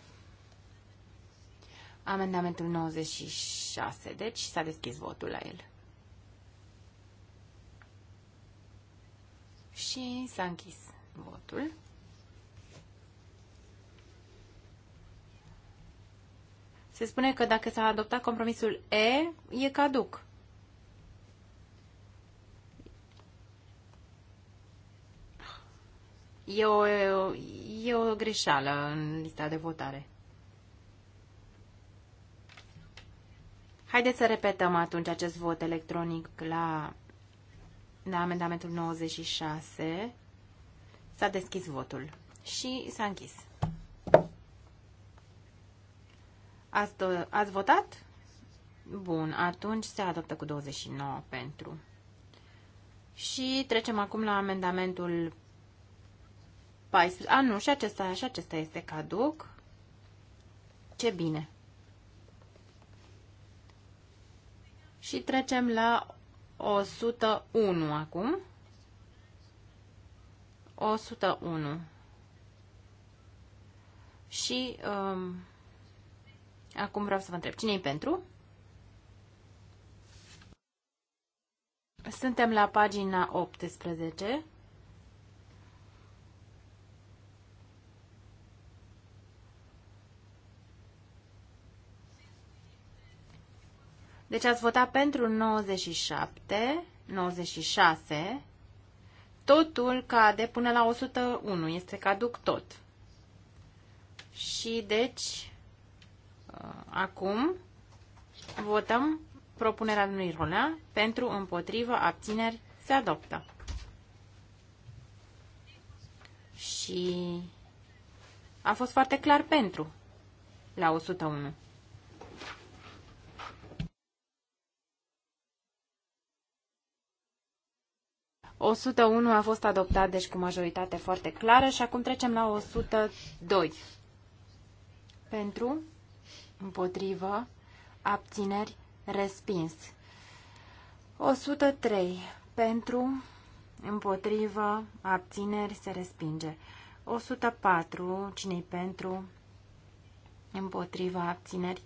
Amendamentul 96. Deci s-a deschis votul la el. Și s-a închis votul. Se spune că dacă s-a adoptat compromisul E, e caduc. E o, e o greșeală în lista de votare. Haideți să repetăm atunci acest vot electronic la, la amendamentul 96. S-a deschis votul și s-a închis. Ați, ați votat? Bun, atunci se adoptă cu 29 pentru. Și trecem acum la amendamentul 14. A, nu, și acesta, și acesta este caduc. Ce bine. Și trecem la 101 acum. 101. Și um, acum vreau să vă întreb, cine e pentru? Suntem la pagina 18. Deci ați votat pentru 97, 96, totul cade până la 101, este caduc tot. Și deci, uh, acum, votăm propunerea lui Rolea pentru împotrivă abțineri se adoptă. Și a fost foarte clar pentru la 101. 101 a fost adoptat, deci cu majoritate foarte clară și acum trecem la 102. Pentru, împotrivă, abțineri, respins. 103. Pentru, împotrivă, abțineri, se respinge. 104. Cine-i pentru, împotrivă, abțineri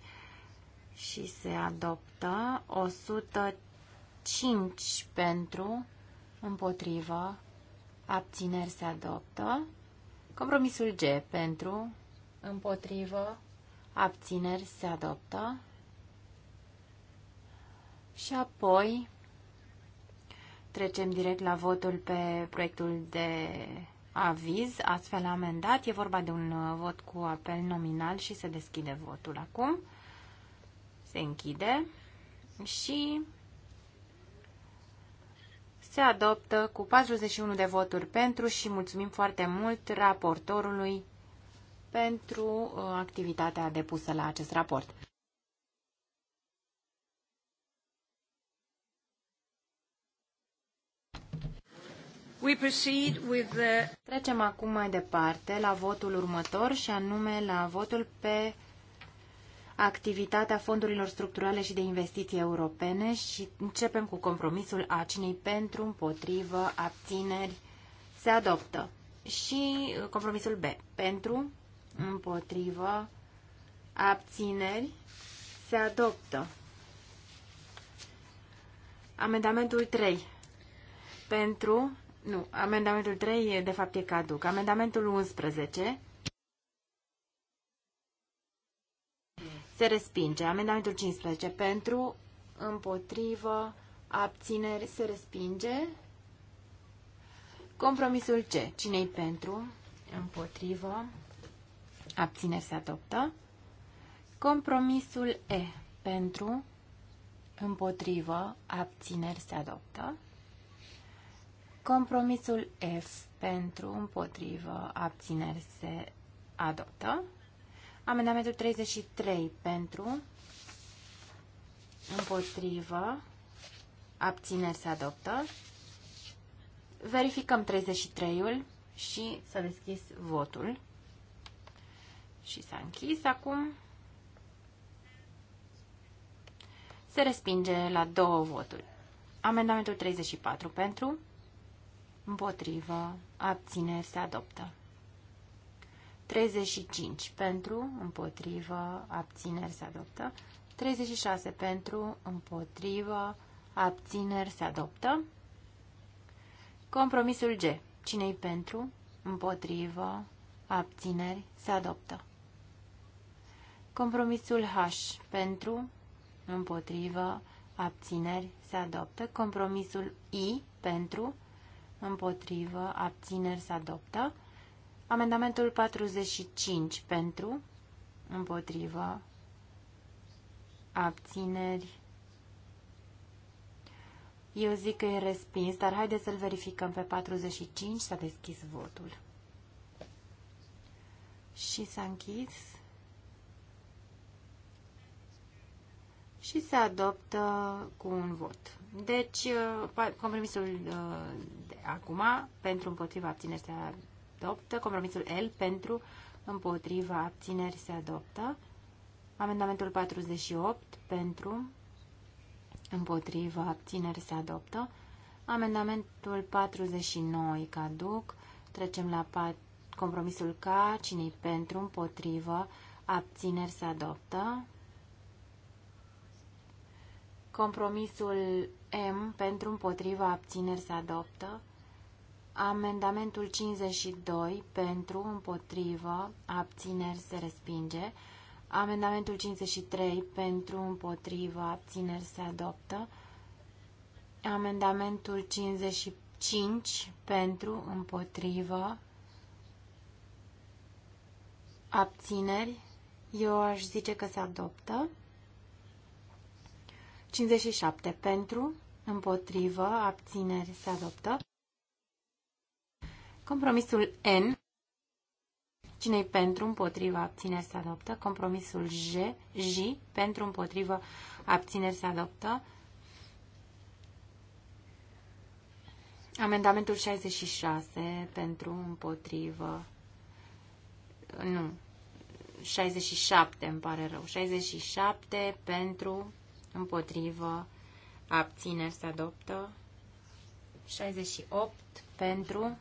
și se adoptă. 105 pentru, împotrivă, abțineri se adoptă. Compromisul G pentru, împotrivă, abțineri se adoptă. Și apoi trecem direct la votul pe proiectul de aviz, astfel amendat. E vorba de un uh, vot cu apel nominal și se deschide votul acum. Se închide și se adoptă cu 41 de voturi pentru și mulțumim foarte mult raportorului pentru uh, activitatea depusă la acest raport. We proceed with the... Trecem acum mai departe la votul următor și anume la votul pe activitatea fondurilor structurale și de investiții europene și începem cu compromisul A. pentru, împotrivă, abțineri, se adoptă. Și uh, compromisul B. Pentru, împotrivă, abțineri, se adoptă. Amendamentul 3. Pentru, nu, amendamentul 3 de fapt e caduc. Amendamentul 11 se respinge. Amendamentul 15 pentru, împotrivă, abțineri, se respinge. Compromisul C. Cine-i pentru? Împotrivă. Abțineri se adoptă. Compromisul E. Pentru. Împotrivă. Abțineri se adoptă. Compromisul F. Pentru. Împotrivă. Abțineri se adoptă. Amendamentul 33 pentru, împotrivă, abțineri se adoptă. Verificăm 33-ul și s-a deschis votul. Și s-a închis acum. Se respinge la două voturi. Amendamentul 34 pentru, împotrivă, abțineri se adoptă. 35 pentru, împotrivă, abțineri se adoptă. 36 pentru, împotrivă, abțineri se adoptă. Compromisul G. Cine-i pentru, împotrivă, abțineri se adoptă. Compromisul H. Pentru, împotrivă, abțineri se adoptă. Compromisul I. Pentru, împotrivă, abțineri se adoptă. Amendamentul 45 pentru, împotrivă, abțineri. Eu zic că e respins, dar haideți să-l verificăm pe 45, s-a deschis votul. Și s-a închis. Și se adoptă cu un vot. Deci, uh, compromisul uh, de acum, pentru împotriva abțineri, se adoptă. Compromisul L pentru împotriva abțineri se adoptă. Amendamentul 48 pentru împotriva abțineri se adoptă. Amendamentul 49 caduc. Trecem la compromisul K. cine pentru împotriva abțineri se adoptă. Compromisul M pentru împotriva abțineri se adoptă. Amendamentul 52 pentru, împotrivă, abțineri se respinge. Amendamentul 53 pentru, împotrivă, abțineri se adoptă. Amendamentul 55 pentru, împotrivă, abțineri. Eu aș zice că se adoptă. 57 pentru, împotrivă, abțineri se adoptă. Compromisul N. Cine-i pentru, împotriva, abțineri să adoptă. Compromisul J. J. Pentru, împotriva, abțineri să adoptă. Amendamentul 66 pentru împotrivă. Nu. 67 îmi pare rău. 67 pentru împotrivă. Abțineri să adoptă. 68 pentru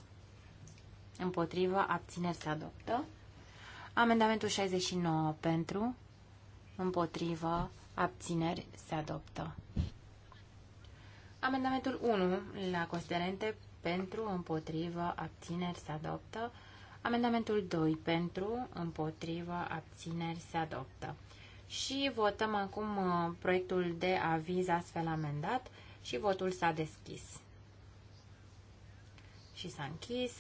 împotrivă, abțineri se adoptă. Amendamentul 69 pentru, împotrivă, abțineri se adoptă. Amendamentul 1 la considerente pentru, împotrivă, abțineri se adoptă. Amendamentul 2 pentru, împotrivă, abțineri se adoptă. Și votăm acum uh, proiectul de aviz astfel amendat și votul s-a deschis. Și s-a închis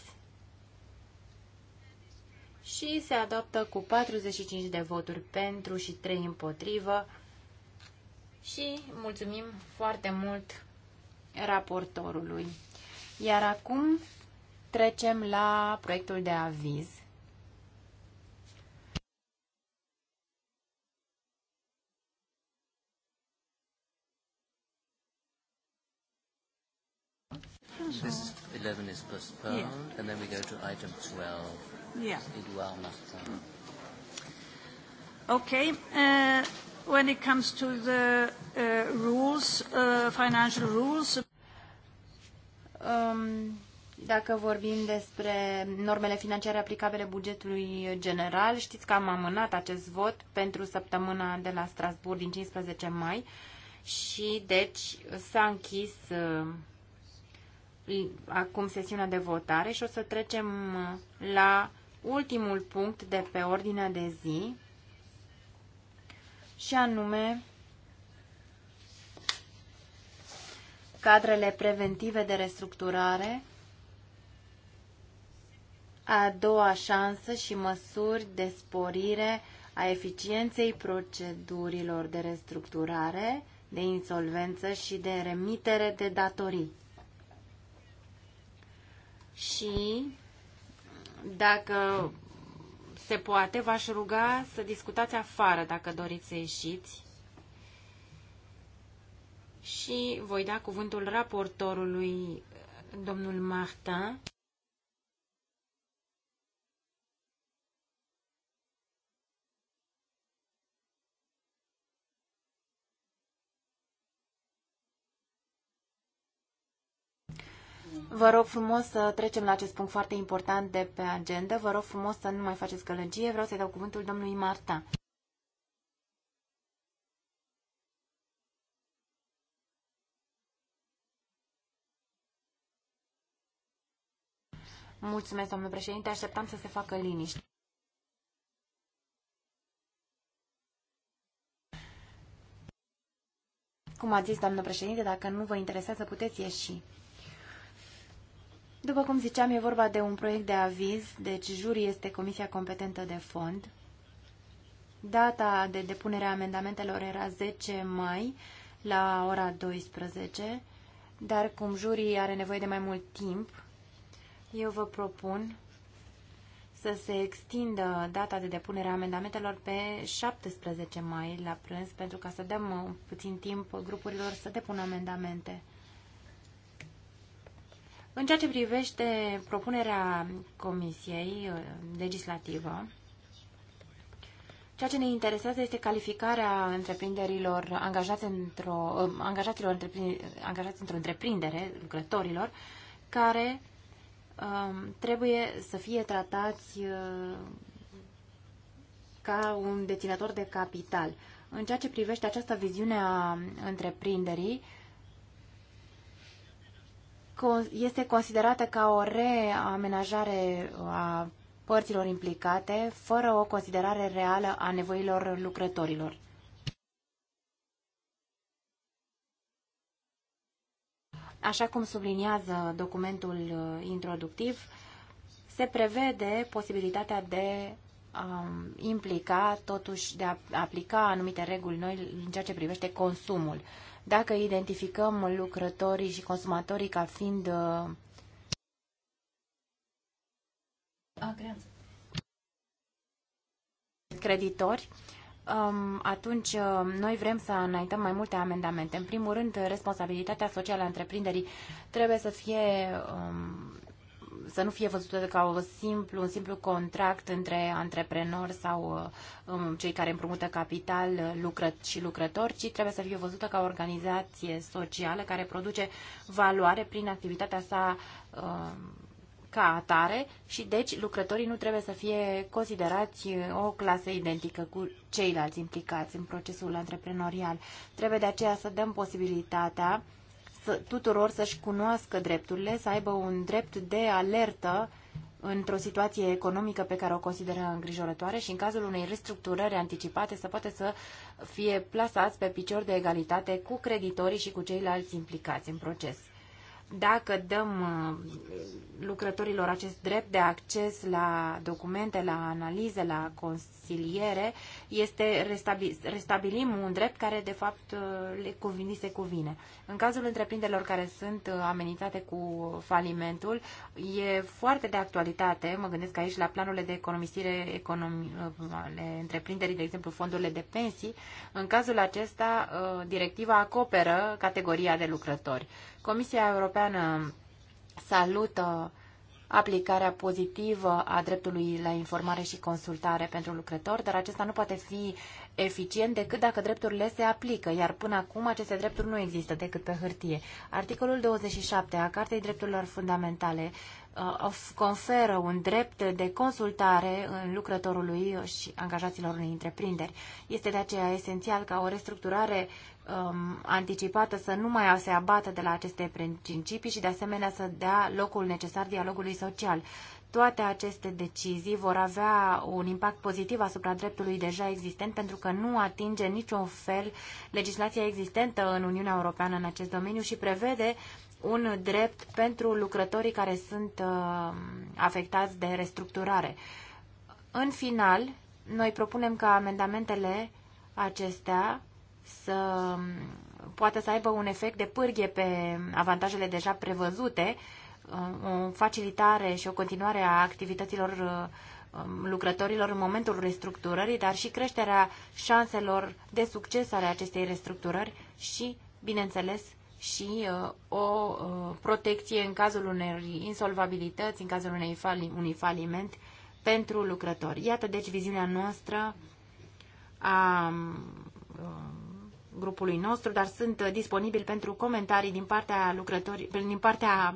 și se adoptă cu 45 de voturi pentru și 3 împotrivă. Și mulțumim foarte mult raportorului. Iar acum trecem la proiectul de aviz. This 11 is postponed, yeah. and then we go to item 12. Yeah. Okay. Uh, when it comes to the uh, rules, uh, financial rules. Um, dacă vorbim despre normele financiare aplicabile bugetului general, știți că am amânat acest vot pentru săptămâna de la Strasbourg din 15 mai și deci s-a închis acum sesiunea de votare și o să trecem la ultimul punct de pe ordinea de zi și anume cadrele preventive de restructurare, a doua șansă și măsuri de sporire a eficienței procedurilor de restructurare, de insolvență și de remitere de datorii. Și dacă se poate, v-aș ruga să discutați afară dacă doriți să ieșiți. Și voi da cuvântul raportorului, domnul Martin. Vă rog frumos să trecem la acest punct foarte important de pe agenda. Vă rog frumos să nu mai faceți călăgie. Vreau să-i dau cuvântul domnului Marta. Mulțumesc, domnule președinte. Așteptam să se facă liniște. Cum a zis, doamnă președinte, dacă nu vă interesează, puteți ieși. După cum ziceam, e vorba de un proiect de aviz, deci juri este comisia competentă de fond. Data de depunere a amendamentelor era 10 mai la ora 12, dar cum jurii are nevoie de mai mult timp, eu vă propun să se extindă data de depunere a amendamentelor pe 17 mai la prânz, pentru ca să dăm puțin timp grupurilor să depună amendamente. În ceea ce privește propunerea Comisiei uh, legislativă, ceea ce ne interesează este calificarea întreprinderilor angajați într-o, uh, angajaților întreprin, angajați într-o întreprindere, lucrătorilor, care um, trebuie să fie tratați uh, ca un deținător de capital. În ceea ce privește această viziune a întreprinderii, uh, este considerată ca o reamenajare a părților implicate, fără o considerare reală a nevoilor lucrătorilor. Așa cum subliniază documentul introductiv, se prevede posibilitatea de a um, implica, totuși de a aplica anumite reguli noi în ceea ce privește consumul dacă identificăm lucrătorii și consumatorii ca fiind uh, creditori, um, atunci uh, noi vrem să înaintăm mai multe amendamente. În primul rând, responsabilitatea socială a întreprinderii trebuie să fie um, să nu fie văzută ca o simplu, un simplu contract între antreprenori sau uh, um, cei care împrumută capital uh, lucră, și lucrători, ci trebuie să fie văzută ca o organizație socială care produce valoare prin activitatea sa uh, ca atare și deci lucrătorii nu trebuie să fie considerați o clasă identică cu ceilalți implicați în procesul antreprenorial. Trebuie de aceea să dăm posibilitatea tuturor să-și cunoască drepturile, să aibă un drept de alertă într-o situație economică pe care o consideră îngrijorătoare și în cazul unei restructurări anticipate să poate să fie plasați pe picior de egalitate cu creditorii și cu ceilalți implicați în proces. Dacă dăm uh, lucrătorilor acest drept de acces la documente, la analize, la consiliere, este restabil, restabilim un drept care de fapt uh, le cuvine, se cuvine. În cazul întreprinderilor care sunt uh, amenințate cu falimentul, e foarte de actualitate, mă gândesc aici la planurile de economisire economi, uh, ale întreprinderii, de exemplu fondurile de pensii, în cazul acesta directiva acoperă categoria de lucrători. Comisia Europeană salută aplicarea pozitivă a dreptului la informare și consultare pentru lucrători, dar acesta nu poate fi eficient decât dacă drepturile se aplică, iar până acum aceste drepturi nu există decât pe hârtie. Articolul 27 a Cartei Drepturilor Fundamentale uh, conferă un drept de consultare în lucrătorului și angajaților unei întreprinderi. Este de aceea esențial ca o restructurare um, anticipată să nu mai se abată de la aceste principii și de asemenea să dea locul necesar dialogului social. Toate aceste decizii vor avea un impact pozitiv asupra dreptului deja existent pentru că nu atinge niciun fel legislația existentă în Uniunea Europeană în acest domeniu și prevede un drept pentru lucrătorii care sunt uh, afectați de restructurare. În final, noi propunem ca amendamentele acestea să mm, poată să aibă un efect de pârghie pe avantajele deja prevăzute, uh, o facilitare și o continuare a activităților uh, um, lucrătorilor în momentul restructurării, dar și creșterea șanselor de succes ale acestei restructurări și, bineînțeles, și uh, o protecție în cazul unei insolvabilități, în cazul unei fali, unui faliment pentru lucrători. Iată, deci, viziunea noastră a um, grupului nostru, dar sunt uh, disponibil pentru comentarii din partea, lucrători, din partea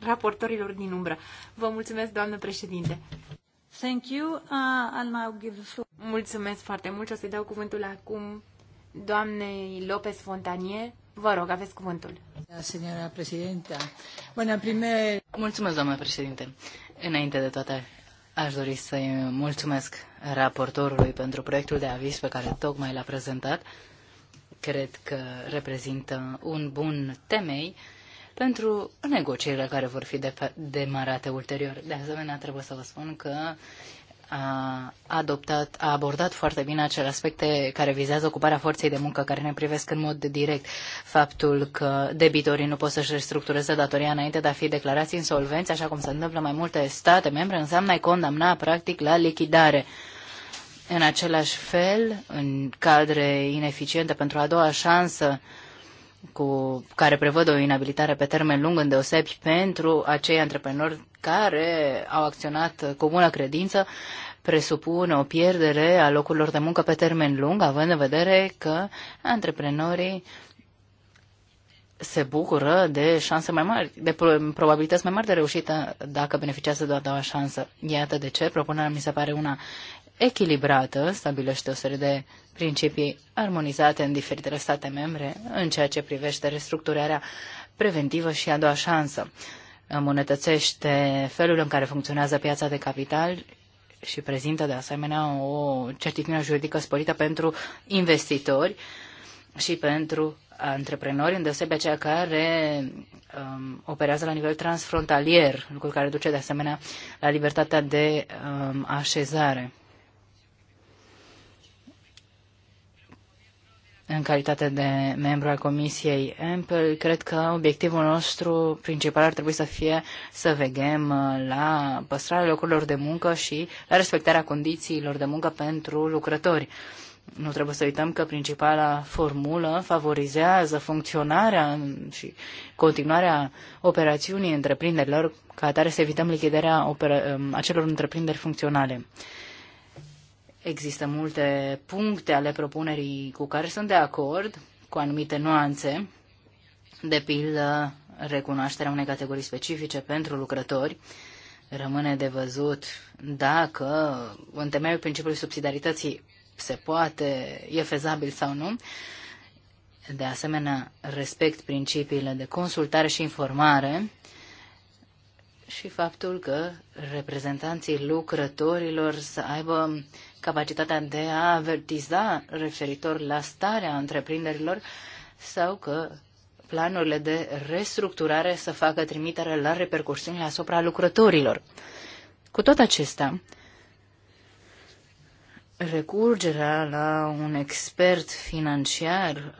raportorilor din umbră. Vă mulțumesc, doamnă președinte. Thank you. Uh, I'll now give the floor. Mulțumesc foarte mult. O să-i dau cuvântul acum doamnei Lopez Fontanie. Vă rog, aveți cuvântul. Da, președinte. Bună, prime... Mulțumesc, doamnă președinte. Înainte de toate, Aș dori să-i mulțumesc raportorului pentru proiectul de aviz pe care tocmai l-a prezentat cred că reprezintă un bun temei pentru negocierile care vor fi demarate ulterior. De asemenea, trebuie să vă spun că a adoptat, a abordat foarte bine acele aspecte care vizează ocuparea forței de muncă, care ne privesc în mod direct. Faptul că debitorii nu pot să-și restructureze datoria înainte de a fi declarați insolvenți, așa cum se întâmplă mai multe state membre, înseamnă a-i condamna practic la lichidare. În același fel, în cadre ineficiente pentru a doua șansă, cu, care prevăd o inabilitare pe termen lung îndeosebi pentru acei antreprenori care au acționat cu bună credință, presupune o pierdere a locurilor de muncă pe termen lung, având în vedere că antreprenorii se bucură de șanse mai mari, de probabilități mai mari de reușită dacă beneficiază de o a doua șansă. Iată de ce propunerea mi se pare una echilibrată, stabilește o serie de principii armonizate în diferitele state membre în ceea ce privește restructurarea preventivă și a doua șansă. Îmbunătățește felul în care funcționează piața de capital și prezintă de asemenea o certitudine juridică sporită pentru investitori și pentru antreprenori, deosebire cea care um, operează la nivel transfrontalier, lucru care duce de asemenea la libertatea de um, așezare. În calitate de membru al Comisiei Ample, cred că obiectivul nostru principal ar trebui să fie să veghem uh, la păstrarea locurilor de muncă și la respectarea condițiilor de muncă pentru lucrători. Nu trebuie să uităm că principala formulă favorizează funcționarea și continuarea operațiunii întreprinderilor, ca atare să evităm lichidarea um, acelor întreprinderi funcționale. Există multe puncte ale propunerii cu care sunt de acord, cu anumite nuanțe, de pildă recunoașterea unei categorii specifice pentru lucrători. Rămâne de văzut dacă, în temeiul principiului subsidiarității, se poate, e fezabil sau nu. De asemenea, respect principiile de consultare și informare și faptul că reprezentanții lucrătorilor să aibă capacitatea de a avertiza referitor la starea întreprinderilor sau că planurile de restructurare să facă trimitere la repercursiunile asupra lucrătorilor. Cu toate acestea, recurgerea la un expert financiar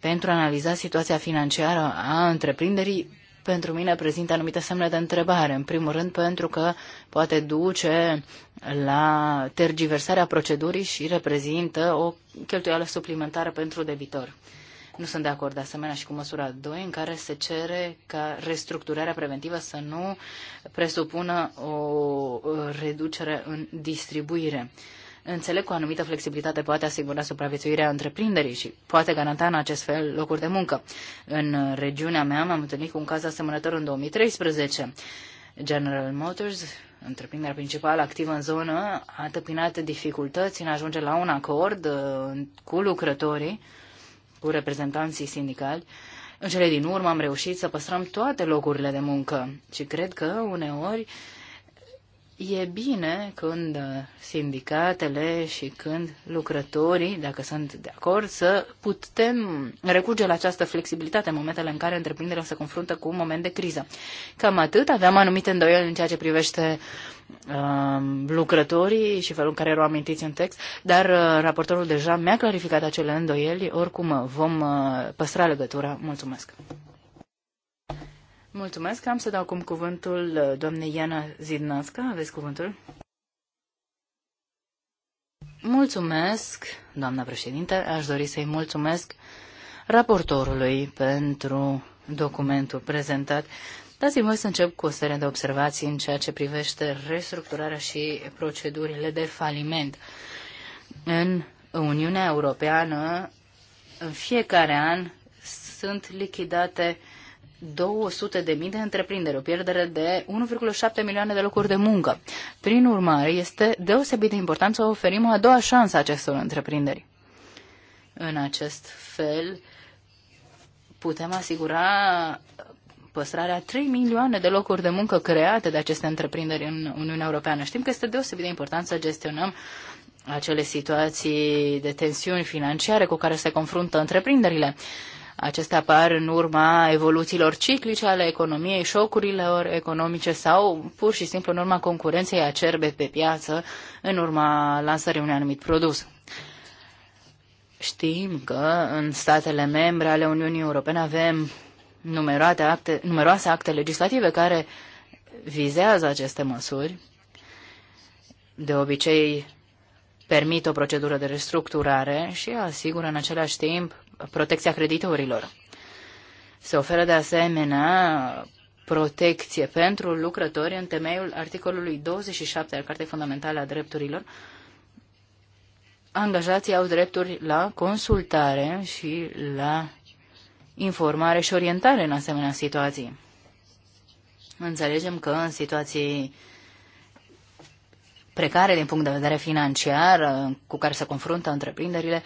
pentru a analiza situația financiară a întreprinderii pentru mine prezintă anumite semne de întrebare. În primul rând pentru că poate duce la tergiversarea procedurii și reprezintă o cheltuială suplimentară pentru debitor. Nu sunt de acord de asemenea și cu măsura 2 în care se cere ca restructurarea preventivă să nu presupună o reducere în distribuire înțeleg că o anumită flexibilitate poate asigura supraviețuirea întreprinderii și poate garanta în acest fel locuri de muncă. În regiunea mea m-am întâlnit cu un caz asemănător în 2013. General Motors, întreprinderea principală activă în zonă, a tăpinat dificultăți în a ajunge la un acord uh, cu lucrătorii, cu reprezentanții sindicali. În cele din urmă am reușit să păstrăm toate locurile de muncă și cred că uneori E bine când sindicatele și când lucrătorii, dacă sunt de acord, să putem recurge la această flexibilitate în momentele în care întreprinderea se confruntă cu un moment de criză. Cam atât. Aveam anumite îndoieli în ceea ce privește uh, lucrătorii și felul în care erau amintiți în text, dar uh, raportorul deja mi-a clarificat acele îndoieli. Oricum, uh, vom uh, păstra legătura. Mulțumesc! Mulțumesc. Am să dau acum cuvântul uh, doamnei Iana Zidnăscă. Aveți cuvântul? Mulțumesc, doamna președinte. Aș dori să-i mulțumesc raportorului pentru documentul prezentat. Dați-mi să încep cu o serie de observații în ceea ce privește restructurarea și procedurile de faliment. În Uniunea Europeană, în fiecare an, sunt lichidate 200 de, mii de întreprinderi, o pierdere de 1,7 milioane de locuri de muncă. Prin urmare, este deosebit de important să oferim o a doua șansă acestor întreprinderi. În acest fel, putem asigura păstrarea 3 milioane de locuri de muncă create de aceste întreprinderi în Uniunea Europeană. Știm că este deosebit de important să gestionăm acele situații de tensiuni financiare cu care se confruntă întreprinderile. Acestea apar în urma evoluțiilor ciclice ale economiei, șocurilor economice sau pur și simplu în urma concurenței acerbe pe piață, în urma lansării unui anumit produs. Știm că în statele membre ale Uniunii Europene avem numeroase acte, numeroase acte legislative care vizează aceste măsuri. De obicei, permit o procedură de restructurare și asigură în același timp protecția creditorilor. Se oferă de asemenea protecție pentru lucrători în temeiul articolului 27 al Cartei Fundamentale a Drepturilor. Angajații au drepturi la consultare și la informare și orientare în asemenea situații. Înțelegem că în situații precare din punct de vedere financiar cu care se confruntă întreprinderile,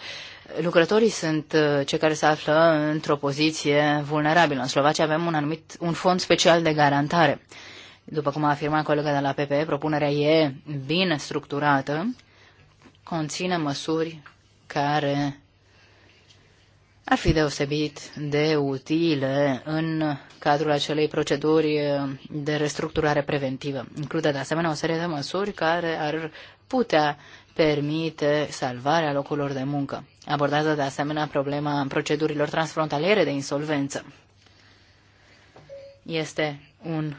lucrătorii sunt uh, cei care se află într-o poziție vulnerabilă. În Slovacia avem un anumit un fond special de garantare. După cum a afirmat colega de la PPE, propunerea e bine structurată, conține măsuri care ar fi deosebit de utile în cadrul acelei proceduri de restructurare preventivă. Include de asemenea o serie de măsuri care ar putea permite salvarea locurilor de muncă. Abordează de asemenea problema procedurilor transfrontaliere de insolvență. Este un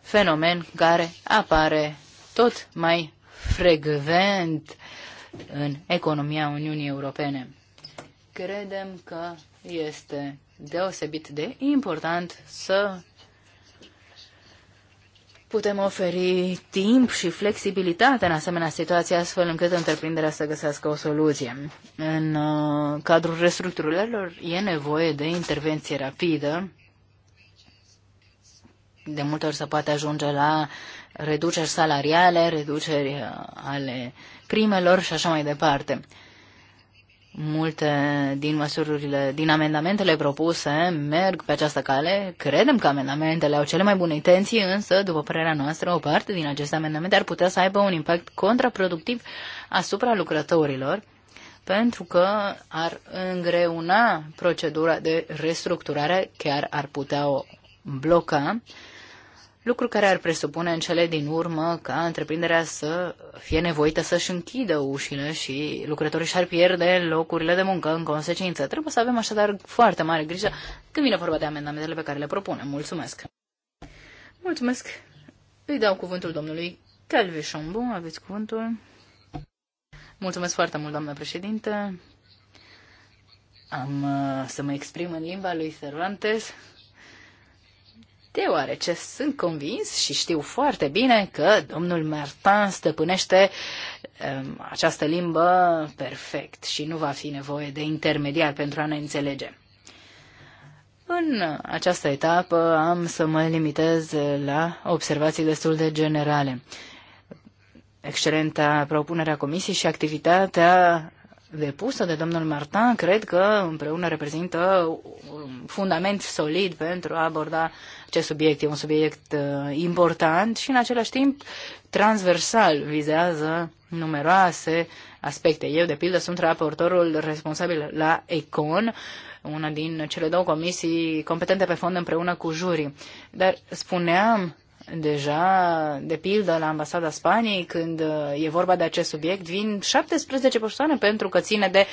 fenomen care apare tot mai frecvent în economia Uniunii Europene. Credem că este deosebit de important să Putem oferi timp și flexibilitate în asemenea situație, astfel încât întreprinderea să găsească o soluție. În uh, cadrul restructurărilor e nevoie de intervenție rapidă. De multe ori se poate ajunge la reduceri salariale, reduceri uh, ale primelor și așa mai departe. Multe din măsurile, din amendamentele propuse merg pe această cale. Credem că amendamentele au cele mai bune intenții, însă, după părerea noastră, o parte din aceste amendamente ar putea să aibă un impact contraproductiv asupra lucrătorilor, pentru că ar îngreuna procedura de restructurare, chiar ar putea o bloca lucru care ar presupune în cele din urmă ca întreprinderea să fie nevoită să-și închidă ușile și lucrătorii și-ar pierde locurile de muncă în consecință. Trebuie să avem așadar foarte mare grijă când vine vorba de amendamentele pe care le propunem. Mulțumesc! Mulțumesc! Îi dau cuvântul domnului Calvi Șombu, aveți cuvântul. Mulțumesc foarte mult, doamnă președinte. Am uh, să mă exprim în limba lui Cervantes deoarece sunt convins și știu foarte bine că domnul Martin stăpânește um, această limbă perfect și nu va fi nevoie de intermediar pentru a ne înțelege. În această etapă am să mă limitez la observații destul de generale. Excelenta propunerea comisiei și activitatea depusă de domnul Martin, cred că împreună reprezintă un fundament solid pentru a aborda acest subiect e un subiect uh, important și în același timp transversal, vizează numeroase aspecte. Eu, de pildă, sunt raportorul responsabil la ECON, una din cele două comisii competente pe fond împreună cu jurii. Dar spuneam deja, de pildă, la ambasada Spaniei, când uh, e vorba de acest subiect, vin 17 persoane pentru că ține de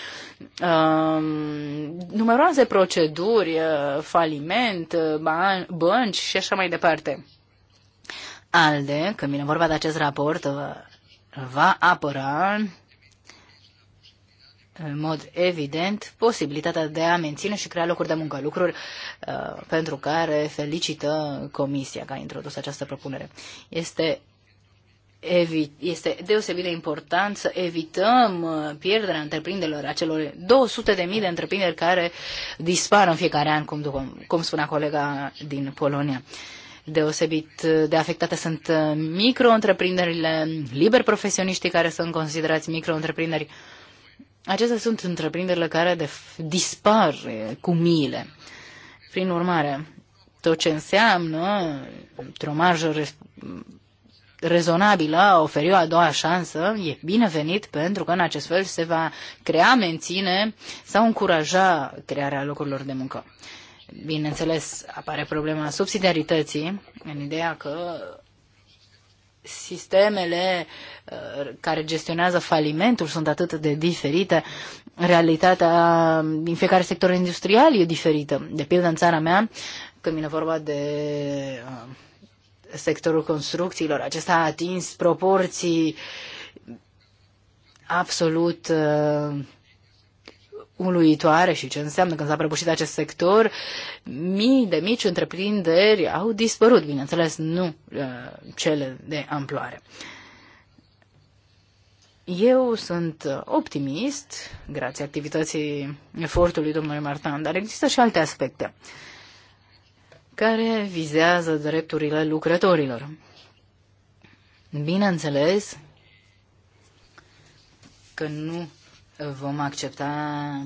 um, numeroase proceduri, uh, faliment, uh, bănci și așa mai departe. ALDE, când vine vorba de acest raport, va apăra în mod evident posibilitatea de a menține și crea locuri de muncă, lucruri uh, pentru care felicită Comisia că a introdus această propunere. Este este deosebit de important să evităm uh, pierderea întreprinderilor, acelor 200.000 de întreprinderi care dispar în fiecare an, cum, cum spunea colega din Polonia. Deosebit de afectate sunt uh, micro-întreprinderile, liber profesioniștii care sunt considerați micro-întreprinderi. Uh, Acestea sunt întreprinderile care de dispar cu miile. Prin urmare, tot ce înseamnă într-o marjă re- rezonabilă a oferi o a doua șansă e binevenit pentru că în acest fel se va crea, menține sau încuraja crearea locurilor de muncă. Bineînțeles, apare problema subsidiarității în ideea că sistemele uh, care gestionează falimentul sunt atât de diferite, realitatea din fiecare sector industrial e diferită. De pildă, în țara mea, când vine vorba de uh, sectorul construcțiilor, acesta a atins proporții absolut uh, uluitoare și ce înseamnă când s-a prăbușit acest sector, mii de mici întreprinderi au dispărut, bineînțeles, nu uh, cele de amploare. Eu sunt optimist, grație activității efortului domnului Martan, dar există și alte aspecte care vizează drepturile lucrătorilor. Bineînțeles că nu vom accepta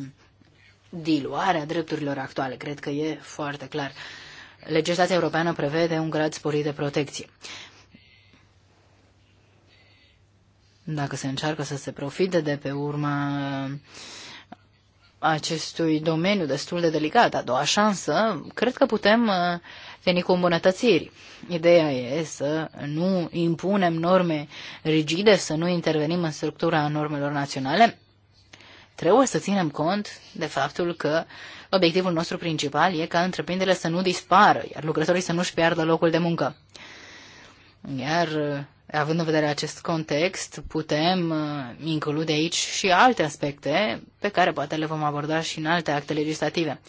diluarea drepturilor actuale. Cred că e foarte clar. Legislația europeană prevede un grad sporit de protecție. Dacă se încearcă să se profite de pe urma acestui domeniu destul de delicat, a doua șansă, cred că putem uh, veni cu îmbunătățiri. Ideea e să nu impunem norme rigide, să nu intervenim în structura normelor naționale, Trebuie să ținem cont de faptul că obiectivul nostru principal e ca întreprinderile să nu dispară, iar lucrătorii să nu-și piardă locul de muncă. Iar eh, având în vedere acest context, putem eh, include aici și alte aspecte pe care poate le vom aborda și în alte acte legislative.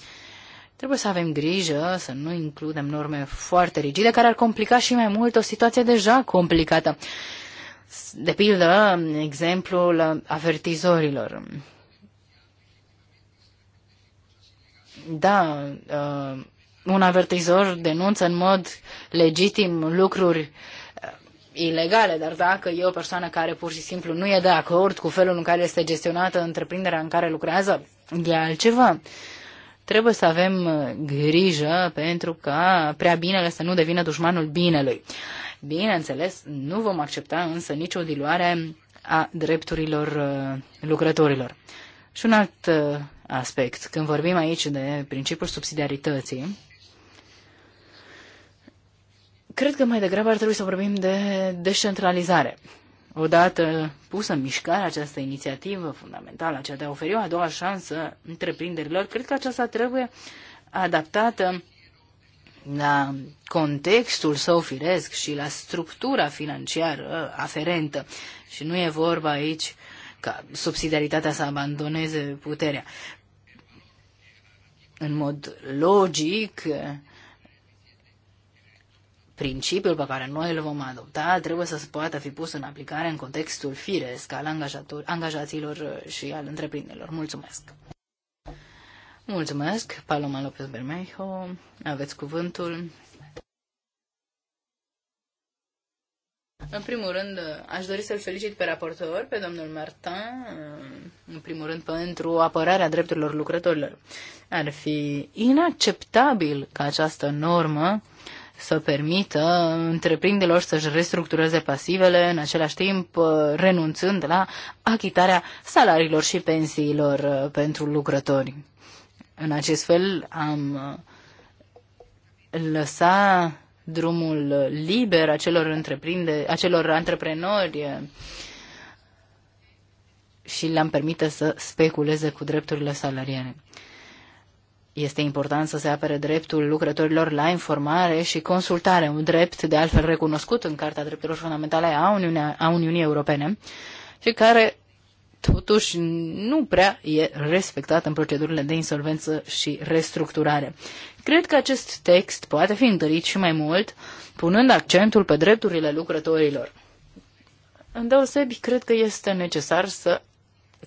Trebuie să avem grijă să nu includem norme foarte rigide care ar complica și mai mult o situație deja complicată. De pildă, exemplul avertizorilor. Da, uh, un avertizor denunță în mod legitim lucruri uh, ilegale, dar dacă e o persoană care pur și simplu nu e de acord cu felul în care este gestionată întreprinderea în care lucrează, e altceva. Trebuie să avem uh, grijă pentru ca prea binele să nu devină dușmanul binelui. Bineînțeles, nu vom accepta însă nicio diluare a drepturilor lucrătorilor. Și un alt aspect. Când vorbim aici de principiul subsidiarității, cred că mai degrabă ar trebui să vorbim de descentralizare. Odată pusă în mișcare această inițiativă fundamentală, aceea de a oferi o a doua șansă întreprinderilor, cred că aceasta trebuie adaptată la contextul său firesc și la structura financiară aferentă. Și nu e vorba aici ca subsidiaritatea să abandoneze puterea. În mod logic, principiul pe care noi îl vom adopta trebuie să se poată fi pus în aplicare în contextul firesc al angajaților și al întreprinderilor. Mulțumesc! Mulțumesc, Paloma López Bermejo. Aveți cuvântul. În primul rând, aș dori să-l felicit pe raportor, pe domnul Martin, în primul rând pentru apărarea drepturilor lucrătorilor. Ar fi inacceptabil ca această normă să permită întreprinderilor să-și restructureze pasivele, în același timp renunțând la achitarea salariilor și pensiilor uh, pentru lucrători. În acest fel am uh, lăsat drumul liber acelor, întreprinde, acelor antreprenori și le-am permite să speculeze cu drepturile salariale. Este important să se apere dreptul lucrătorilor la informare și consultare, un drept de altfel recunoscut în Carta Drepturilor Fundamentale a, Uniunea, a Uniunii Europene și care totuși nu prea e respectat în procedurile de insolvență și restructurare. Cred că acest text poate fi întărit și mai mult, punând accentul pe drepturile lucrătorilor. deosebi, cred că este necesar să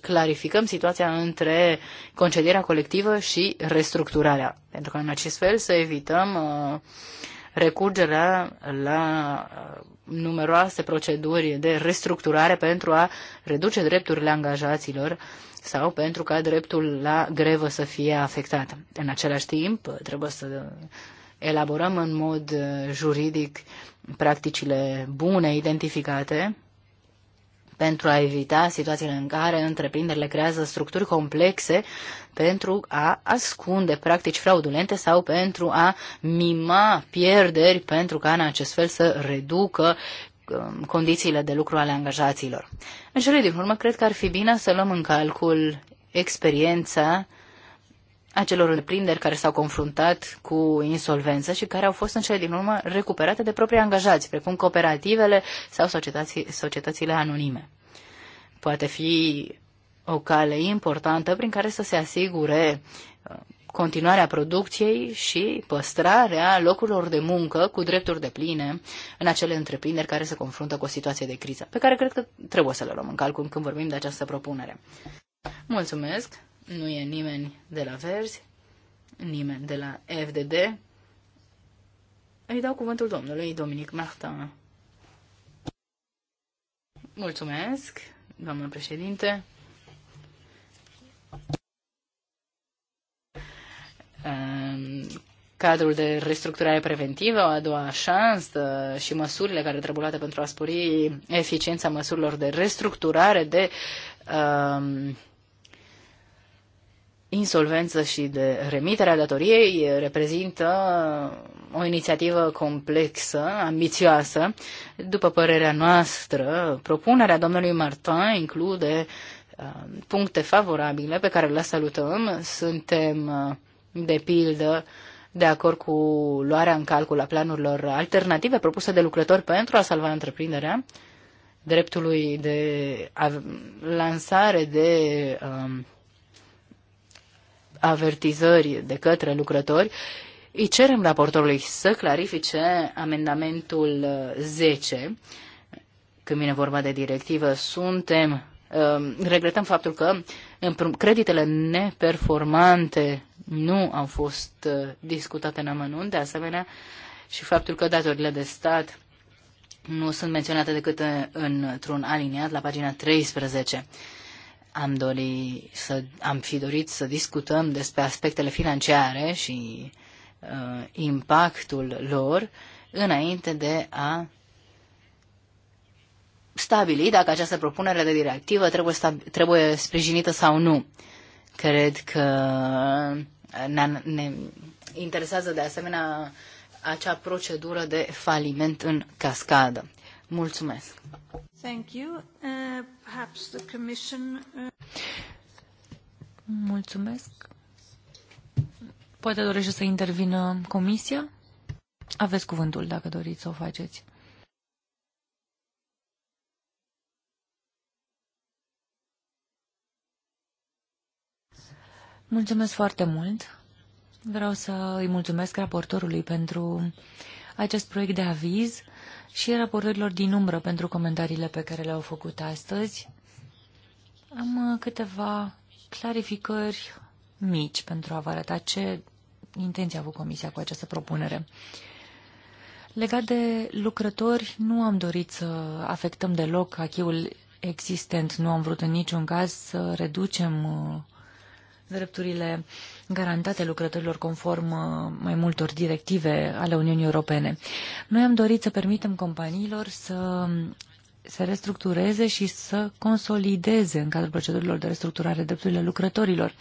clarificăm situația între concedierea colectivă și restructurarea, pentru că în acest fel să evităm uh, recurgerea la uh, numeroase proceduri de restructurare pentru a reduce drepturile angajaților sau pentru ca dreptul la grevă să fie afectat. În același timp, trebuie să elaborăm în mod uh, juridic practicile bune identificate pentru a evita situațiile în care întreprinderile creează structuri complexe pentru a ascunde practici fraudulente sau pentru a mima pierderi pentru ca în acest fel să reducă Um, condițiile de lucru ale angajaților. În cele din urmă, cred că ar fi bine să luăm în calcul experiența acelor întreprinderi care s-au confruntat cu insolvență și care au fost în cele din urmă recuperate de proprii angajați, precum cooperativele sau societățile anonime. Poate fi o cale importantă prin care să se asigure continuarea producției și păstrarea locurilor de muncă cu drepturi de pline în acele întreprinderi care se confruntă cu o situație de criză, pe care cred că trebuie să le luăm în calcul când vorbim de această propunere. Mulțumesc! Nu e nimeni de la Verzi, nimeni de la FDD. Îi dau cuvântul domnului Dominic Marta. Mulțumesc, doamnă președinte. cadrul de restructurare preventivă, o a doua șansă și măsurile care trebuie luate pentru a spori eficiența măsurilor de restructurare, de um, insolvență și de remitere a datoriei reprezintă o inițiativă complexă, ambițioasă. După părerea noastră, propunerea domnului Martin include uh, puncte favorabile pe care le salutăm. Suntem uh, de pildă, de acord cu luarea în calcul a planurilor alternative propuse de lucrători pentru a salva întreprinderea, dreptului de lansare de um, avertizări de către lucrători, îi cerem raportorului să clarifice amendamentul 10. Uh, Când vine vorba de directivă, suntem, um, regretăm faptul că creditele neperformante nu au fost uh, discutate în amănunt, de asemenea, și faptul că datorile de stat nu sunt menționate decât într-un aliniat la pagina 13. Am, dori să, am fi dorit să discutăm despre aspectele financiare și uh, impactul lor înainte de a stabili dacă această propunere de directivă trebuie, trebuie sprijinită sau nu. Cred că ne, ne interesează de asemenea acea procedură de faliment în cascadă. Mulțumesc. Thank you. Uh, perhaps the commission, uh... Mulțumesc. Poate dorește să intervină comisia? Aveți cuvântul dacă doriți să o faceți. Mulțumesc foarte mult. Vreau să îi mulțumesc raportorului pentru acest proiect de aviz și raportorilor din umbră pentru comentariile pe care le-au făcut astăzi. Am uh, câteva clarificări mici pentru a vă arăta ce intenție a avut Comisia cu această propunere. Legat de lucrători, nu am dorit să afectăm deloc achiul existent. Nu am vrut în niciun caz să reducem uh, drepturile garantate lucrătorilor conform uh, mai multor directive ale Uniunii Europene. Noi am dorit să permitem companiilor să se restructureze și să consolideze în cadrul procedurilor de restructurare drepturile lucrătorilor.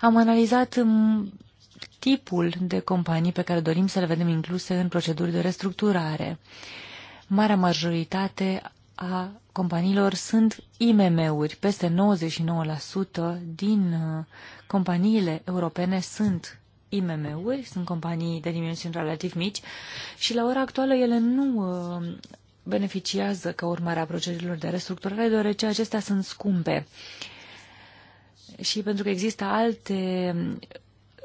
Am analizat um, tipul de companii pe care dorim să le vedem incluse în proceduri de restructurare. Marea majoritate a companiilor sunt IMM-uri. Peste 99% din uh, companiile europene sunt IMM-uri, sunt companii de dimensiuni relativ mici și la ora actuală ele nu uh, beneficiază ca urmare a procedurilor de restructurare, deoarece acestea sunt scumpe. Și pentru că există alte,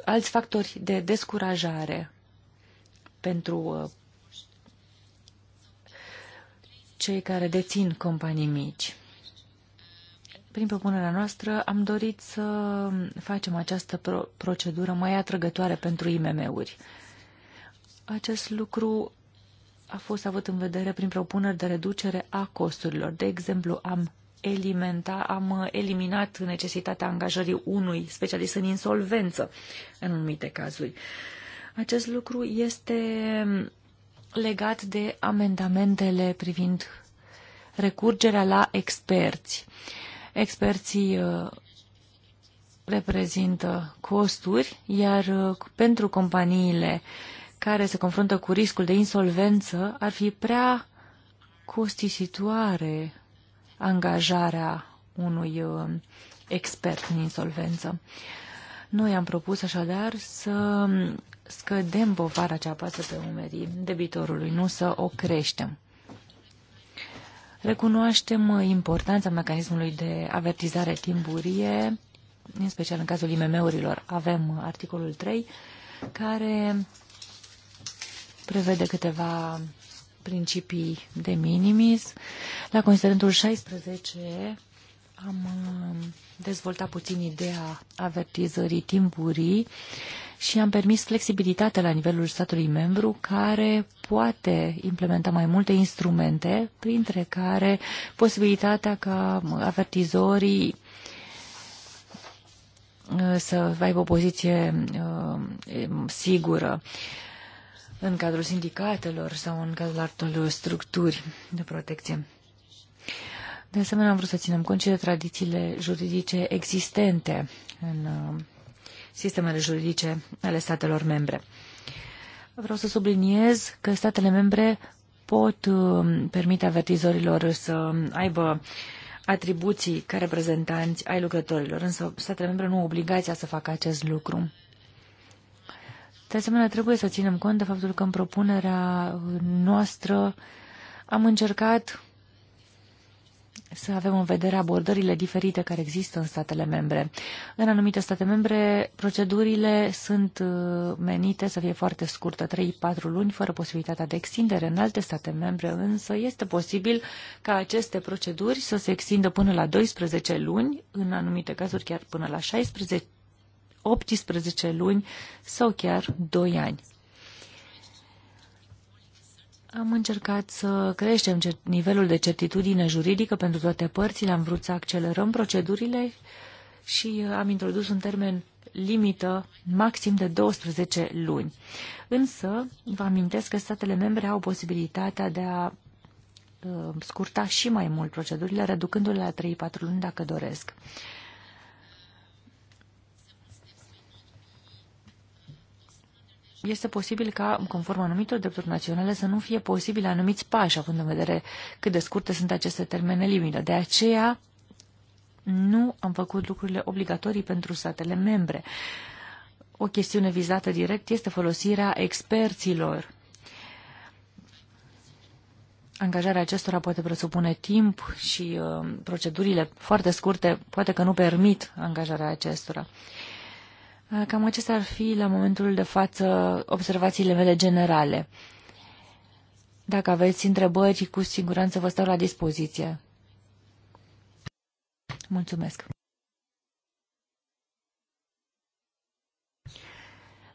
alți factori de descurajare pentru uh, cei care dețin companii mici. Prin propunerea noastră am dorit să facem această pro procedură mai atrăgătoare pentru IMM-uri. Acest lucru a fost avut în vedere prin propuneri de reducere a costurilor. De exemplu, am elimenta, am eliminat necesitatea angajării unui specialist în insolvență în anumite cazuri. Acest lucru este legat de amendamentele privind recurgerea la experți. Experții uh, reprezintă costuri, iar uh, pentru companiile care se confruntă cu riscul de insolvență, ar fi prea costisitoare angajarea unui uh, expert în insolvență. Noi am propus așadar să scădem povara ce apasă pe umerii debitorului, nu să o creștem. Recunoaștem importanța mecanismului de avertizare timburie, în special în cazul IMM-urilor. Avem articolul 3, care prevede câteva principii de minimis. La considerentul 16 am dezvoltat puțin ideea avertizării timpurii și am permis flexibilitate la nivelul statului membru care poate implementa mai multe instrumente, printre care posibilitatea ca avertizorii uh, să aibă o poziție uh, sigură în cadrul sindicatelor sau în cadrul altor structuri de protecție. De asemenea, am vrut să ținem cont și de tradițiile juridice existente în uh, sistemele juridice ale statelor membre. Vreau să subliniez că statele membre pot uh, permite avertizorilor să aibă atribuții ca reprezentanți ai lucrătorilor, însă statele membre nu au obligația să facă acest lucru. De asemenea, trebuie să ținem cont de faptul că în propunerea noastră am încercat să avem în vedere abordările diferite care există în statele membre. În anumite state membre, procedurile sunt uh, menite să fie foarte scurtă, 3-4 luni, fără posibilitatea de extindere. În alte state membre, însă, este posibil ca aceste proceduri să se extindă până la 12 luni, în anumite cazuri chiar până la 16, 18 luni sau chiar 2 ani. Am încercat să creștem nivelul de certitudine juridică pentru toate părțile, am vrut să accelerăm procedurile și uh, am introdus un termen limită maxim de 12 luni. Însă, vă amintesc că statele membre au posibilitatea de a uh, scurta și mai mult procedurile, reducându-le la 3-4 luni dacă doresc. este posibil ca, conform anumitor drepturi naționale, să nu fie posibil anumiți pași, având în vedere cât de scurte sunt aceste termene limită. De aceea, nu am făcut lucrurile obligatorii pentru statele membre. O chestiune vizată direct este folosirea experților. Angajarea acestora poate presupune timp și uh, procedurile foarte scurte poate că nu permit angajarea acestora. Uh, Ah, cam acestea ar fi la momentul de față observațiile mele generale. Dacă aveți întrebări, cu siguranță vă stau la dispoziție. Mulțumesc!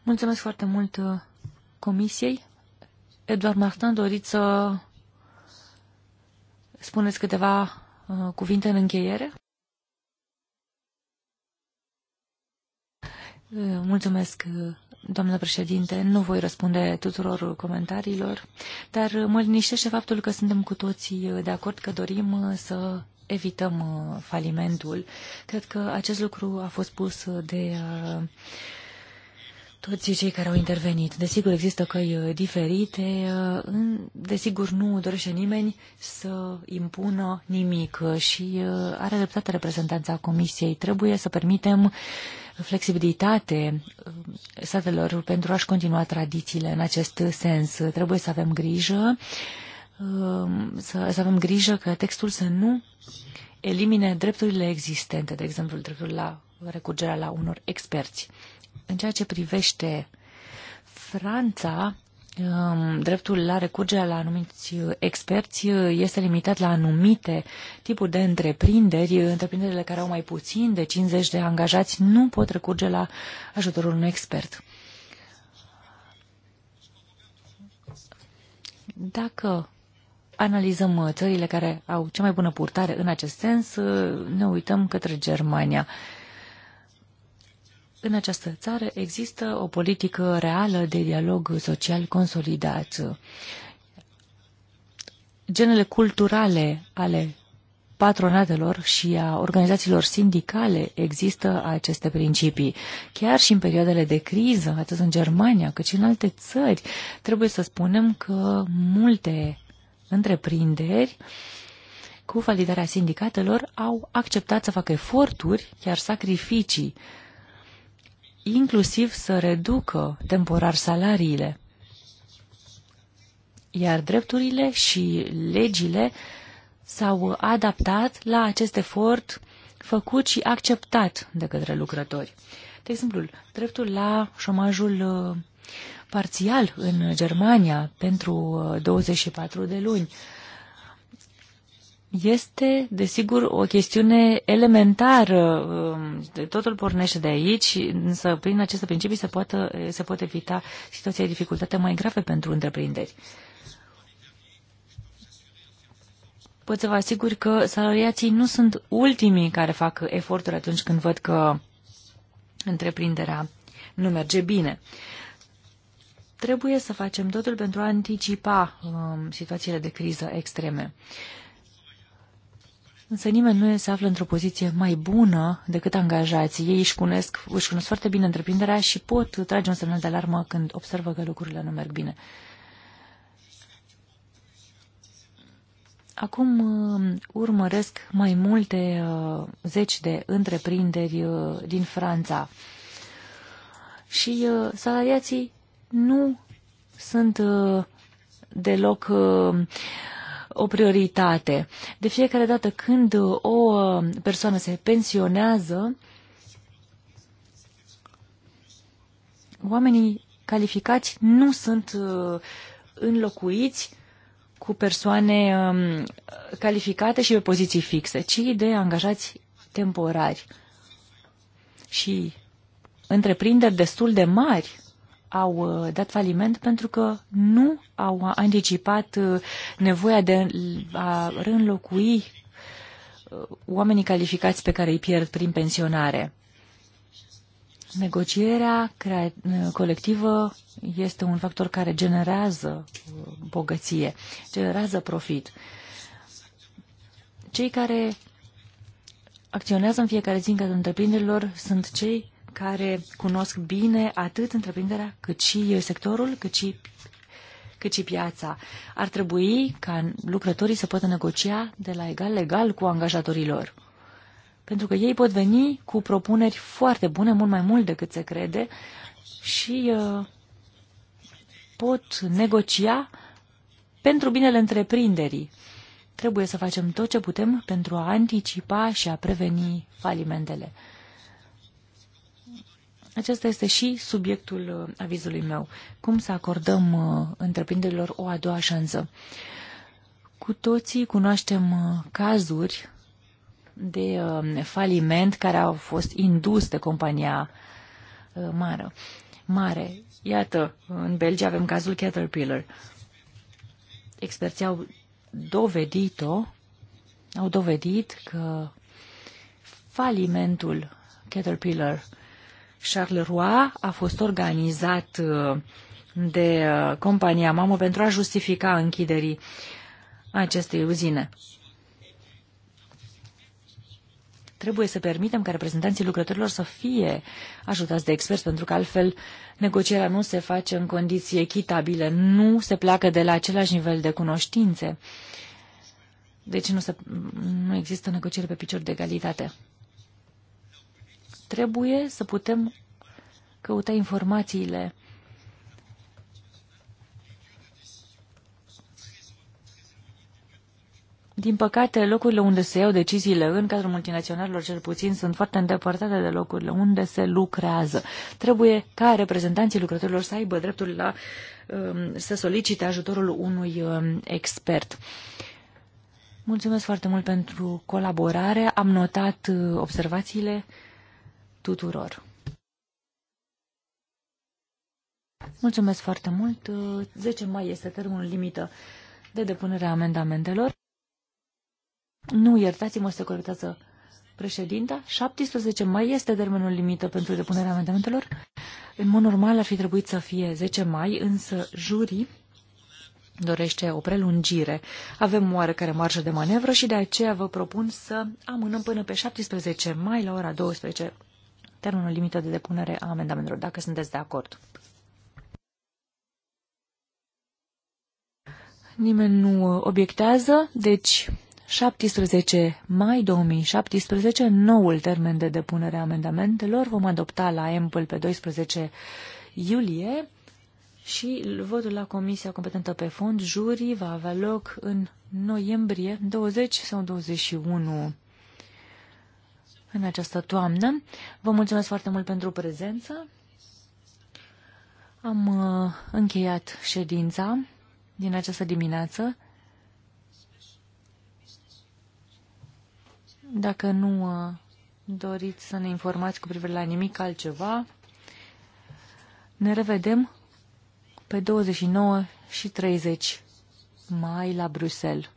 Mulțumesc foarte mult uh, comisiei. Eduard Martin, doriți să spuneți câteva uh, cuvinte în încheiere? Eh, mulțumesc, eh, doamnă președinte. Nu voi răspunde tuturor comentariilor, dar mă liniștește faptul că suntem cu toții eh, de acord că dorim să evităm falimentul. Cred că acest lucru a fost pus de toți cei care au intervenit. Desigur, există căi uh, diferite, uh, desigur nu dorește nimeni să impună nimic uh, și are dreptate reprezentanța Comisiei. Trebuie să permitem flexibilitate statelor pentru a-și continua tradițiile în acest sens. Trebuie să avem grijă să, să avem grijă că textul să nu elimine drepturile existente, de exemplu dreptul la recurgerea la unor experți. În ceea ce privește Franța, um, dreptul la recurgere la anumiți experți este limitat la anumite tipuri de întreprinderi. Întreprinderile care au mai puțin de 50 de angajați nu pot recurge la ajutorul unui expert. Dacă analizăm țările care au cea mai bună purtare în acest sens, ne uităm către Germania. În această țară există o politică reală de dialog social consolidat. Genele culturale ale patronatelor și a organizațiilor sindicale există aceste principii. Chiar și în perioadele de criză, atât în Germania cât și în alte țări, trebuie să spunem că multe întreprinderi cu validarea sindicatelor au acceptat să facă eforturi, chiar sacrificii, inclusiv să reducă temporar salariile. Iar drepturile și legile s-au adaptat la acest efort făcut și acceptat de către lucrători. De exemplu, dreptul la șomajul uh, parțial în Germania pentru 24 uh, de luni este, desigur, o chestiune elementară. Um, totul pornește de aici, însă prin aceste principii se, poată, se pot evita situații de dificultate mai grave pentru întreprinderi. Pot să vă asigur că salariații nu sunt ultimii care fac eforturi atunci când văd că întreprinderea nu merge bine. Trebuie să facem totul pentru a anticipa um, situațiile de criză extreme. Uh, Însă nimeni nu se află într-o poziție mai bună decât angajații. Ei își cunosc, își cunosc foarte bine întreprinderea și pot trage un semnal de alarmă când observă că lucrurile nu merg bine. Acum uh, urmăresc mai multe uh, zeci de întreprinderi uh, din Franța și salariații nu sunt deloc o prioritate. De fiecare dată când o uh, persoană se pensionează, oamenii calificați nu sunt uh, înlocuiți cu persoane um, calificate și pe poziții fixe, ci de angajați temporari. Și întreprinderi destul de mari au uh, dat faliment pentru că nu au anticipat uh, nevoia de a reînlocui uh, oamenii calificați pe care îi pierd prin pensionare. Negocierea colectivă este un factor care generează bogăție, generează profit. Cei care acționează în fiecare zi în cadrul întreprinderilor sunt cei care cunosc bine atât întreprinderea, cât și sectorul, cât și, cât și piața. Ar trebui ca lucrătorii să poată negocia de la egal legal cu angajatorii lor. Pentru că ei pot veni cu propuneri foarte bune, mult mai mult decât se crede, și uh, pot negocia pentru binele întreprinderii. Trebuie să facem tot ce putem pentru a anticipa și a preveni falimentele. Acesta este și subiectul uh, avizului meu. Cum să acordăm uh, întreprinderilor o a doua șansă? Cu toții cunoaștem uh, cazuri de faliment care au fost indus de compania mare. mare. Iată, în Belgia avem cazul Caterpillar. Experții au dovedit-o, au dovedit că falimentul Caterpillar Charleroi a fost organizat uh, de uh, compania mamă pentru a justifica închiderii acestei uzine. Trebuie să permitem ca reprezentanții lucrătorilor să fie ajutați de experți, pentru că altfel negocierea nu se face în condiții echitabile, nu se pleacă de la același nivel de cunoștințe. Deci nu, se, nu există negociere pe picior de egalitate. Trebuie să putem căuta informațiile Din păcate, locurile unde se iau deciziile în cadrul multinaționalilor cel puțin sunt foarte îndepărtate de locurile unde se lucrează. Trebuie ca reprezentanții lucrătorilor să aibă dreptul la um, să solicite ajutorul unui um, expert. Mulțumesc foarte mult pentru colaborare. Am notat uh, observațiile tuturor. Mulțumesc foarte mult. 10 mai este termenul limită de depunere a amendamentelor. Nu, iertați-mă, se corectează președinta. 17 mai este termenul limită pentru depunerea amendamentelor. În mod normal ar fi trebuit să fie 10 mai, însă jurii dorește o prelungire. Avem oarecare marjă de manevră și de aceea vă propun să amânăm până pe 17 mai la ora 12 termenul limită de depunere a amendamentelor, dacă sunteți de acord. Nimeni nu obiectează, deci 17 mai 2017, noul termen de depunere a amendamentelor, vom adopta la EMPL pe 12 iulie și votul la Comisia Competentă pe Fond, jurii, va avea loc în noiembrie 20 sau 21 în această toamnă. Vă mulțumesc foarte mult pentru prezență. Am uh, încheiat ședința din această dimineață. Dacă nu uh, doriți să ne informați cu privire la nimic altceva, ne revedem pe 29 și 30 mai la Bruxelles.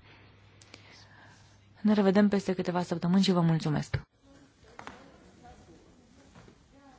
Ne revedem peste câteva săptămâni și vă mulțumesc!